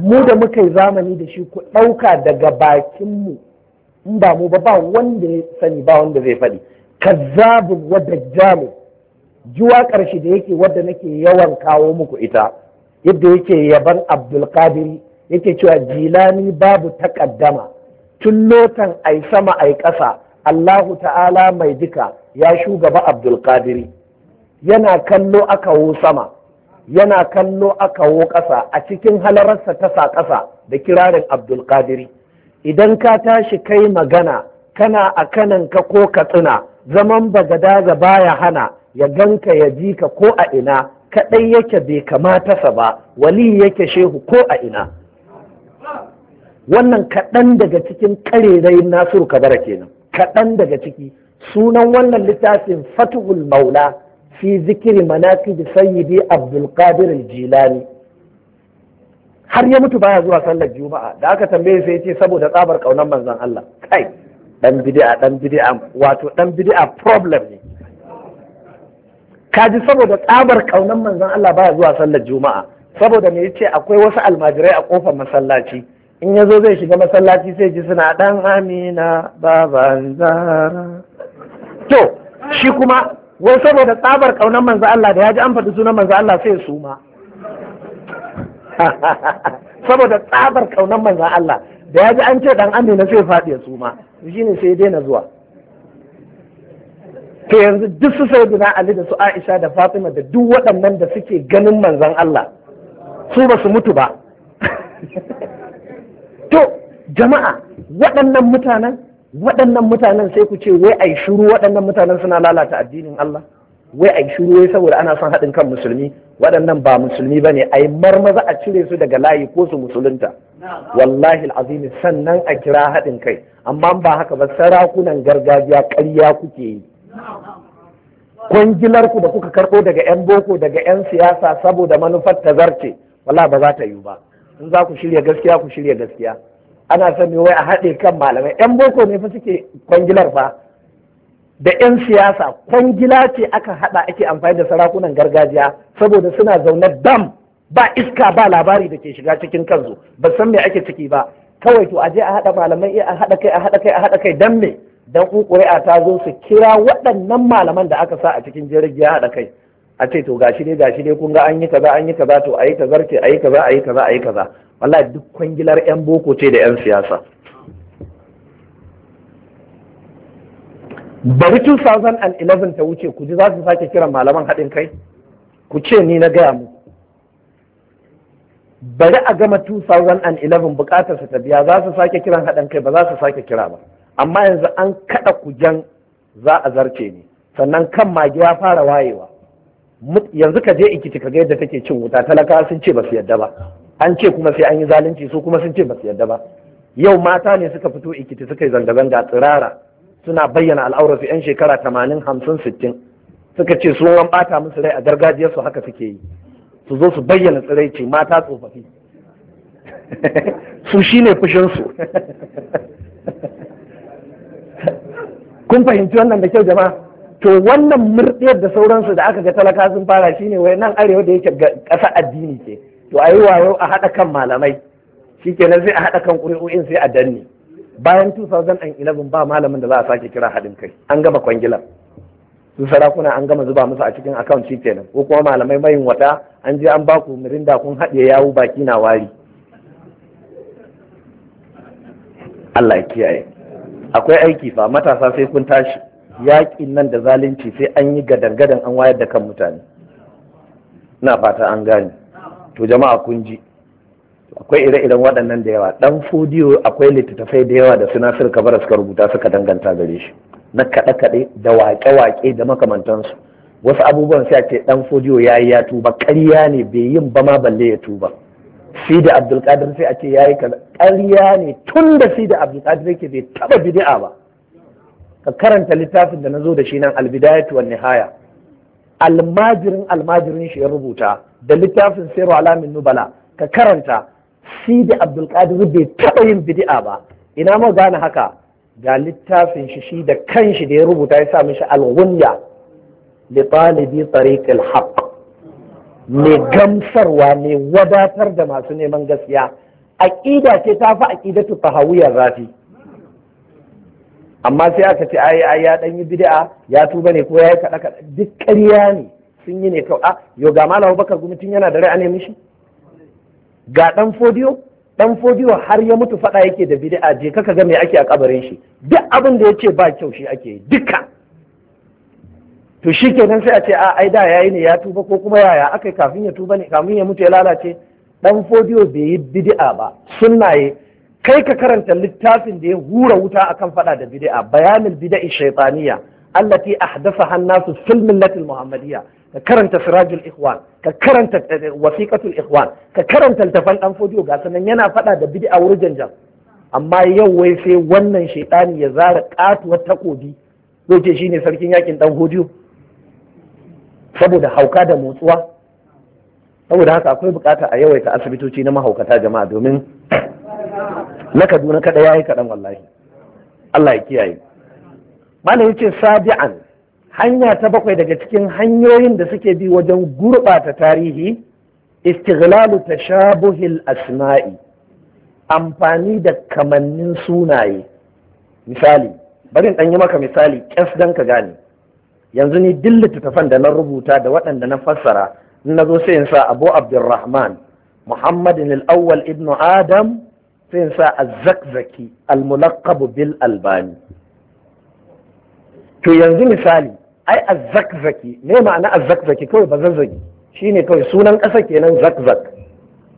mu da muka yi zamani da shi ku ɗauka daga bakinmu in ba mu ba ba wanda ya sani ba wanda zai faɗi kazzabun wa dajjalu juwa ƙarshe da yake wadda nake yawan kawo muku ita yadda yake yaban abdulkadiri yake cewa jilani babu takaddama tun lotan ai sama ai ƙasa Allahu ta'ala mai duka ya shugaba Abdul Qadiri yana kallo aka wo sama yana kallo aka wo ƙasa a cikin halararsa ta sa ƙasa da kirarin Abdul Qadiri idan ka tashi kai magana kana a kananka ko katsina zaman bagadaza baya hana ya ganka ya ji ka ko a ina kaɗai yake bai kamata sa ba wali yake shehu ko a ina wannan kaɗan daga cikin ƙarerayin nasiru kabara kenan kaɗan daga ciki sunan wannan littafin fatuhul maula fi zikiri manaqib sayyidi abdul jilani har ya mutu baya zuwa sallar juma'a da aka tambaye sai ya ce saboda tsabar kaunar manzon Allah kai dan bid'a dan bid'a wato dan bid'a problem ne kaji saboda tsabar kaunar manzon Allah baya zuwa sallar juma'a saboda me yace akwai wasu almajirai a kofar masallaci in ya zo zai shiga masallaci sai ji suna ɗan amina baban zara to shi kuma wai saboda tsabar ƙaunar manzo Allah da ya ji an faɗi sunan manzo Allah sai su ma saboda tsabar ƙaunar manzo Allah da ya ji an ce ɗan amina sai faɗi su ma shi ne sai daina zuwa to yanzu duk su sai duna Ali da su Aisha da Fatima da duk waɗannan da suke ganin manzon Allah su ba su mutu ba to jama'a waɗannan mutanen waɗannan mutanen sai ku ce wai ai shuru waɗannan mutanen suna lalata addinin Allah wai ai shiru wai saboda ana son haɗin kan musulmi waɗannan ba musulmi ba bane ai marmaza a cire su daga layi ko su musulunta wallahi alazim sannan a kira haɗin kai amma ba haka ba sarakunan gargajiya ƙarya kuke yi kwangilar da kuka karɓo daga 'yan boko daga 'yan siyasa saboda manufar ta zarce wala ba za ta yiwu ba in za ku shirya gaskiya ku shirya gaskiya ana son wai a haɗe kan malamai yan boko ne fa suke kwangilar fa da yan siyasa kwangila ce aka haɗa ake amfani da sarakunan gargajiya saboda suna zaune dam ba iska ba labari da ke shiga cikin kansu ba san me ake ciki ba kawai to aje a haɗa malamai a haɗa kai a haɗa kai a haɗa kai dan me dan ƙuri'a ta zo su kira waɗannan malaman da aka sa a cikin jirgin haɗa kai a ce to gashi dai gashi dai kun ga an yi kaza an yi kaza to ayi kaza ce ayi kaza ayi kaza ayi kaza wallahi duk kwangilar yan boko ce da yan siyasa bari 2011 ta wuce ku ji za su sake kiran malaman haɗin kai ku ce ni na gaya muku bari a gama 2011 su ta biya za su sake kiran haɗin kai ba za su sake kira ba amma yanzu an kaɗa kujan za a zarce ne sannan kan magi ya fara wayewa yanzu ka je ikiti ka ga yadda take cin wuta talaka sun ce ba su yadda ba an ce kuma sai an yi zalunci su kuma sun ce ba su yadda ba yau mata ne suka fito ikiti suka yi zanga-zanga tsirara suna bayyana su 'yan shekara tamanin hamsin sittin suka ce sun an bata musu rai a gargajiyar su haka suke yi su zo su bayyana tsiraici mata tsofaffi su shi ne fushinsu kun fahimci wannan da kyau jama'a to wannan murɗiyar da sauransu da aka ga talaka sun fara shine wai nan arewa da yake ƙasa addini ce to a yi wayo a haɗa kan malamai Shi shikenan sai a haɗa kan ƙuri'o'in sai a danne bayan 2011 ba malamin da za a sake kira haɗin kai an gama kwangilar su sarakuna an gama zuba musu a cikin akawun nan. ko kuma malamai mayin wata an je an baku mirinda kun haɗe yawu baki na wari Allah ya kiyaye akwai aiki fa matasa sai kun tashi yaƙin nan da zalunci sai an yi gadan an wayar da kan mutane na fata an gane to jama'a kun ji akwai ire-iren waɗannan da yawa ɗan fodiyo akwai littattafai da yawa da suna suka kabara suka rubuta suka danganta gare shi na kaɗe-kaɗe da waƙe-waƙe da makamantansu wasu abubuwan sai a ce ɗan fodiyo ya yi ya tuba ƙarya ne bai yin ba ma balle ya tuba shi da abdulkadir sai a ce ya yi ƙarya ne tun da shi da abdulkadir yake bai taɓa bidi'a ba ka karanta littafin da na zo da shi nan albidayatu wan nihaya almajirin almajirin shi ya rubuta da littafin sayarwa alamin nubala ka karanta sidi abdulkadir bai taɓa yin bidi'a ba ina ma gane haka ga littafin shi shi da kanshi da ya rubuta ya sa mishi shi li talibi tariqil haqq mai gamsarwa ne wadatar da masu neman gaskiya aqida ce ta fi aqidatu fahawiya zafi amma sai aka ce ai ai ya dan yi bid'a ya tuba ne ko ya yi kada duk ƙarya ne sun yi ne kawai a ah, yo ga malam Abubakar gumitin yana da ra'ayi mishi ga dan fodiyo dan fodiyo har ya mutu fada yake da bid'a je kaka ga me ake a kabarin shi duk abin da yace ba kyau shi ake yi duka to shi sai a ce a ah, ai da yayi ne ya tuba ko kuma yaya akai kafin ya tuba ne kafin ya mutu ya lalace dan fodiyo bai yi bid'a ba sunna kai ka karanta littafin da ya hura wuta akan fada da bid'a bayanin bid'i shaytaniya allati ahdathaha an-nasu fil millati muhammadiyya ka karanta sirajul ikhwan ka karanta eh, wasiqatul ikhwan ka karanta tafan dan fodiyo ga sanan yana fada da bid'a wuri jan amma yau wai sai wannan shaytani ya zara katuwar takobi shi shine sarkin yakin dan hodiyo saboda hauka da motsuwa saboda haka akwai bukata a yawaita asibitoci na mahaukata jama'a domin na kaduna kada ya yi kaɗan wallahi Allah ya kiyaye mana yace sabi'an hanya ta bakwai daga cikin hanyoyin da suke bi wajen gurɓata tarihi istighlalu tashabuhil asma'i amfani da kamannin sunaye misali barin ɗan yi maka misali ƙyas dan ka gane yanzu ni duk littattafan da na rubuta da waɗanda na fassara in na zo sai in sa abu abdulrahman muhammadin al-awwal ibnu adam sai in sa azzakzaki almulaqabu bil albani to yanzu misali ai azzakzaki ne ma'ana azzakzaki kawai bazazzagi shine kawai sunan ƙasa kenan zakzak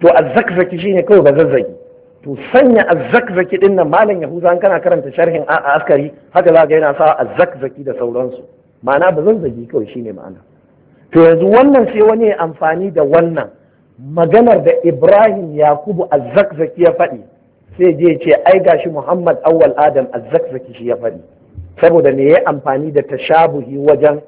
to azzakzaki shine kawai bazazzagi to sanya azzakzaki din nan malam yahuza kana karanta sharhin a askari haka za ga yana sa azzakzaki da sauransu ma'ana bazazzagi kawai shine ma'ana to yanzu wannan sai wani ya amfani da wannan maganar da Ibrahim Yakubu azzakzaki ya faɗi sai je ce ai gashi Muhammad awwal Adam azzakzaki shi ya fari. saboda me yayi amfani da tashabuhi wajen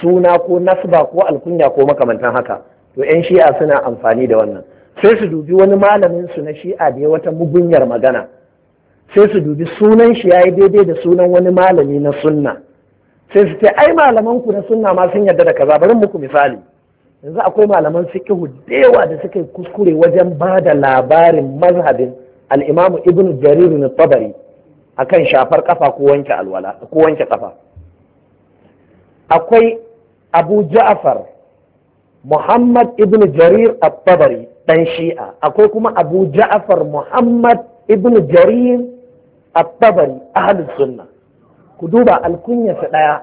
suna ko nasba ko alkunya ko makamantan haka to yan shi'a suna amfani da wannan sai su dubi wani malamin su na shi'a da ya wata mugunyar magana sai su dubi sunan shi yayi daidai da sunan wani malami na sunna sai su ce ai malaman ku na sunna ma sun yarda da kaza bari muku misali yanzu akwai malaman fiqhu da yawa da suka kuskure wajen ba da labarin mazhabin Al'imamu ibn jarir na tabari akan shafar kafa ko wanke kafa akwai abu ja'far muhammad ibn jarir at-tabari dan shi'a akwai kuma abu ja'far muhammad ibn jarir at-tabari ahli sunna ku duba alkunyarsa ɗaya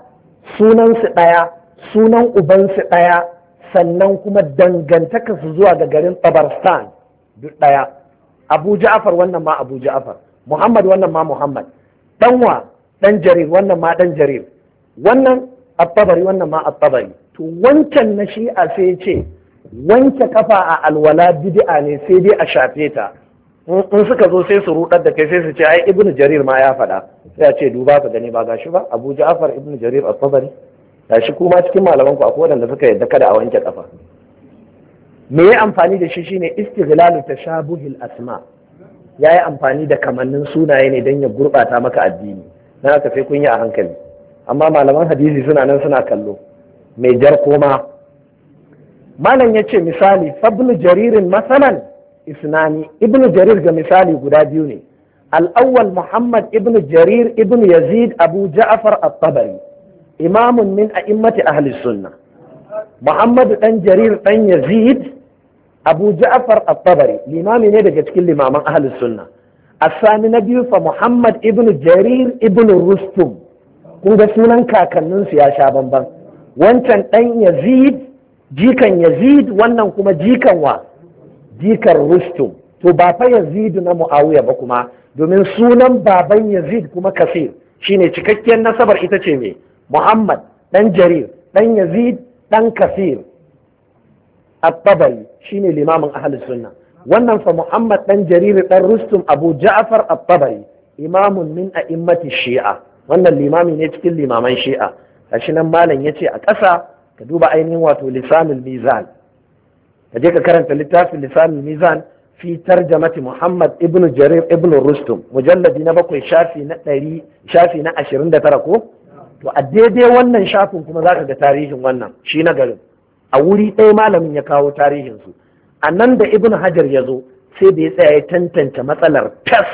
sunansu ɗaya sunan ubansu ɗaya sannan kuma dangantaka su zuwa ga garin tabarstan duk ɗaya abu ja'far wannan ma abu ja'far muhammad wannan ma muhammad danwa dan jarir wannan ma dan jarir wannan at-tabari wannan ma at-tabari to wancan na shi'a sai ce wanke kafa a alwala bid'a ne sai dai a shafe ta in suka zo sai su rudar da kai sai su ce ai ibnu jarir ma ya faɗa sai a ce duba ka gani ba gashi ba abu ja'far ibnu jarir at-tabari gashi kuma cikin malaman ku akwai wanda suka yadda kada a wanke kafa me ya amfani da shi shine istighlalu tashabuhil asma ya yi amfani da kamannin sunaye ne don ya gurɓata maka addini na haka sai kun yi a hankali amma malaman hadisi suna nan suna kallo mai jar koma malam ya ce misali fablu jaririn masalan isnani ibn jarir ga misali guda biyu ne al'awwal muhammad ibn jarir ibn yazid abu ja'far at-tabari imamun min a'immati ahli sunna muhammad dan jarir dan yazid abu ja'far at-tabari limami ne daga cikin limaman ahlus sunna A asani na biyu fa muhammad ibnu jarir ibnu rustum kun sunan kakanninsu ya sha bamban wancan ɗan yazid jikan yazid wannan kuma jikan wa jikan rustum to ba yazid na muawiya ba kuma domin sunan baban yazid kuma kasir shine cikakkiyar nasabar ita ce me muhammad Ɗan jarir Ɗan yazid dan kasir at-tabari shine limamin ahlus sunna wannan fa Muhammad dan Jarir dan Rustum Abu Ja'far at-tabari imamun min a'immati shi'a wannan limamin ne cikin limaman shi'a gashi nan malam ce a ƙasa ka duba ainihin wato lisanul mizan ka je ka karanta littafin lisanul mizan fi tarjamati Muhammad ibn Jarir ibn Rustum mujalladi na bakwai shafi na ɗari shafi na ashirin da tara ko to a daidai wannan shafin kuma zaka ga tarihin wannan shi na garin a wuri ɗaya malamin ya kawo tarihinsu a nan da ibn hajar ya zo sai da ya tsaya ya tantance matsalar tas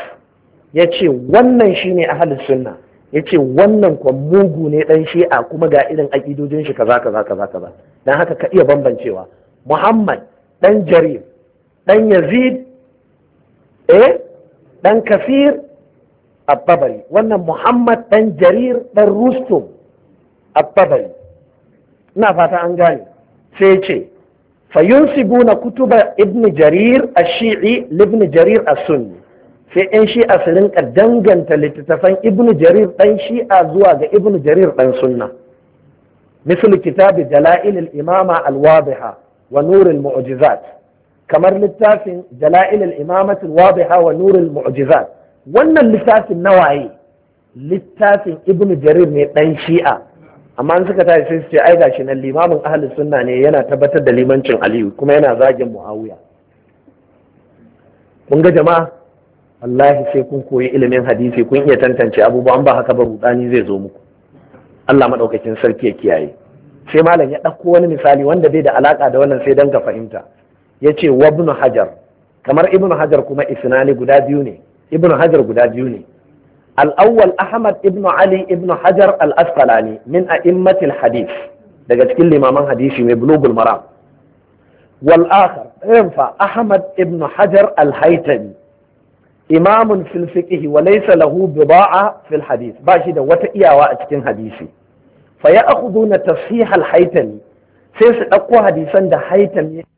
ya ce wannan shi a halin sunna ya ce wannan kwan mugu ne ɗan shi'a kuma ga irin aƙidojin shi kaza kaza kaza kaza don haka ka iya bambancewa muhammad ɗan jarir ɗan yazid eh ɗan Kafir, abbabari wannan muhammad ɗan jarir ɗan rustum abbabari ina fata an gane sai ce na kutuba ibn jarir a shii ibn jarir a sunni sai yan shi'a su rinka danganta littattafan ibn jarir dan shi'a zuwa ga ibn jarir dan sunna misal kitabi dalail al-imama al-wadiha wa nur al-mu'jizat kamar littafin dalail al-imama al-wadiha wa nur al-mu'jizat wannan littafin nawaye littafin ibn jarir ne dan shi'a amma in suka tashi sai su ce ai gashi nan limamin ahli sunna ne yana tabbatar da limancin aliyu kuma yana zagin muawiya kun ga jama'a wallahi sai kun koyi ilimin hadisi kun iya tantance abubuwan ba haka ba rudani zai zo muku Allah madaukakin sarki ya kiyaye sai malam ya ɗauko wani misali wanda bai da alaka da wannan sai dan ka fahimta yace wabnu hajar kamar ibnu hajar kuma isnani guda biyu ne ibnu hajar guda biyu ne al'awwal ahmad ibnu ali ibnu hajar al-asqalani min a'immatil hadis daga cikin limaman hadisi mai bulugul maram wal akhar fa ahmad ibnu hajar al-haytami imamun fil fiqh wa laysa lahu bida'a fil hadith ba shi da wata iyawa a cikin hadisi fa ya'khuduna tasihal haitali sai su ɗauko hadisan da haitam